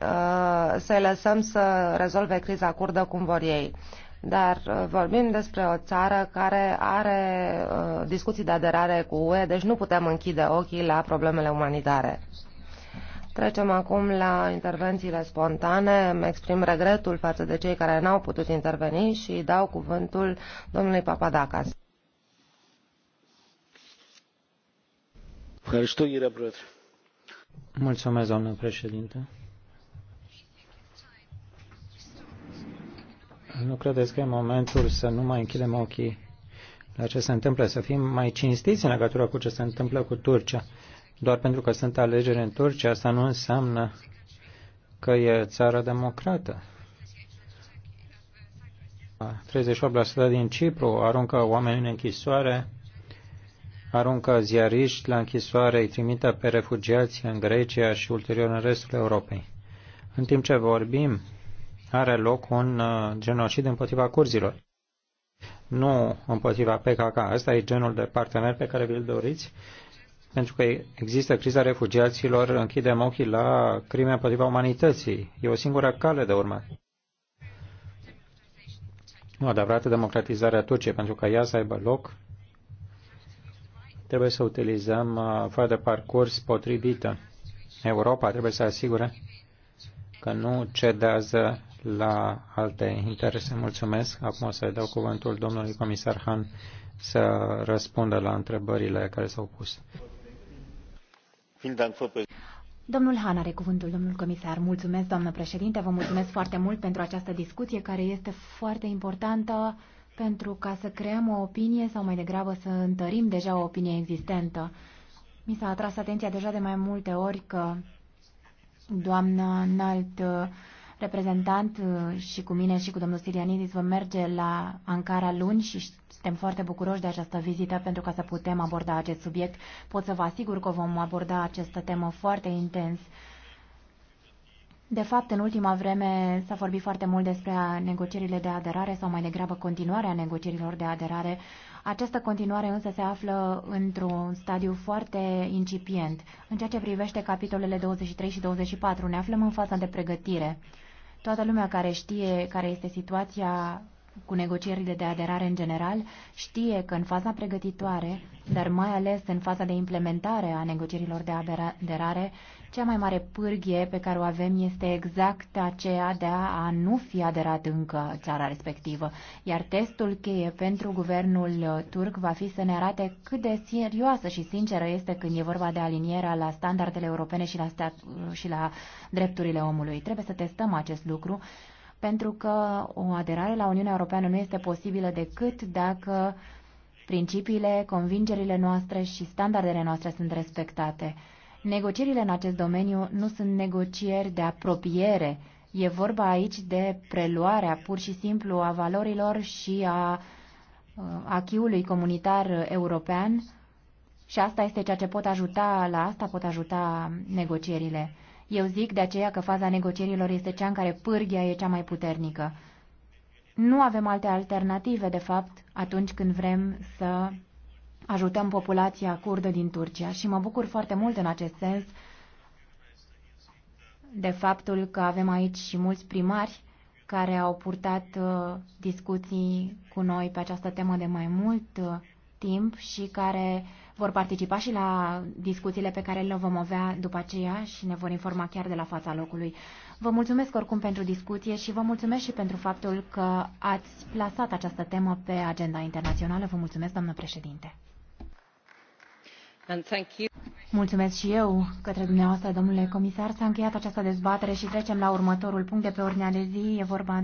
uh, să-i lăsăm să rezolve criza curdă cum vor ei. Dar uh, vorbim despre o țară care are uh, discuții de aderare cu UE, deci nu putem închide ochii la problemele umanitare. Trecem acum la intervențiile spontane. Îmi exprim regretul față de cei care n-au putut interveni și dau cuvântul domnului Papadakis. Mulțumesc, doamnă președinte. nu credeți că e momentul să nu mai închidem ochii la ce se întâmplă, să fim mai cinstiți în legătură cu ce se întâmplă cu Turcia. Doar pentru că sunt alegeri în Turcia, asta nu înseamnă că e țară democrată. 38% din Cipru aruncă oameni în închisoare, aruncă ziariști la închisoare, îi trimită pe refugiați în Grecia și ulterior în restul Europei. În timp ce vorbim, are loc un uh, genocid împotriva curzilor. Nu împotriva PKK. Asta e genul de partener pe care vi-l doriți, pentru că există criza refugiaților, închidem ochii la crime împotriva umanității. E o singură cale de urmat. O adevărată democratizare a Turciei, pentru că ea să aibă loc, trebuie să utilizăm uh, foaia de parcurs potrivită. Europa trebuie să asigure că nu cedează la alte interese. Mulțumesc. Acum o să dau cuvântul domnului comisar Han să răspundă la întrebările care s-au pus. Domnul Han are cuvântul, domnul comisar. Mulțumesc, doamnă președinte, vă mulțumesc foarte mult pentru această discuție care este foarte importantă pentru ca să creăm o opinie sau mai degrabă să întărim deja o opinie existentă. Mi s-a atras atenția deja de mai multe ori că doamna înalt reprezentant uh, și cu mine și cu domnul Sirianidis vom merge la Ankara luni și suntem foarte bucuroși de această vizită pentru ca să putem aborda acest subiect. Pot să vă asigur că vom aborda această temă foarte intens. De fapt, în ultima vreme s-a vorbit foarte mult despre negocierile de aderare sau mai degrabă continuarea negocierilor de aderare. Această continuare însă se află într-un stadiu foarte incipient. În ceea ce privește capitolele 23 și 24, ne aflăm în fața de pregătire. Toată lumea care știe care este situația cu negocierile de aderare în general, știe că în faza pregătitoare, dar mai ales în faza de implementare a negocierilor de aderare, cea mai mare pârghie pe care o avem este exact aceea de a nu fi aderat încă țara respectivă. Iar testul cheie pentru guvernul uh, turc va fi să ne arate cât de serioasă și sinceră este când e vorba de alinierea la standardele europene și la, stat, uh, și la drepturile omului. Trebuie să testăm acest lucru pentru că o aderare la Uniunea Europeană nu este posibilă decât dacă principiile, convingerile noastre și standardele noastre sunt respectate. Negocierile în acest domeniu nu sunt negocieri de apropiere. E vorba aici de preluarea pur și simplu a valorilor și a achiului comunitar european și asta este ceea ce pot ajuta, la asta pot ajuta negocierile. Eu zic de aceea că faza negocierilor este cea în care pârghia e cea mai puternică. Nu avem alte alternative, de fapt, atunci când vrem să ajutăm populația curdă din Turcia și mă bucur foarte mult în acest sens de faptul că avem aici și mulți primari care au purtat uh, discuții cu noi pe această temă de mai mult uh, timp și care vor participa și la discuțiile pe care le vom avea după aceea și ne vor informa chiar de la fața locului. Vă mulțumesc oricum pentru discuție și vă mulțumesc și pentru faptul că ați plasat această temă pe agenda internațională. Vă mulțumesc, doamnă președinte. Mulțumesc și eu către dumneavoastră, domnule comisar. S-a încheiat această dezbatere și trecem la următorul punct de pe ordinea de zi. E vorba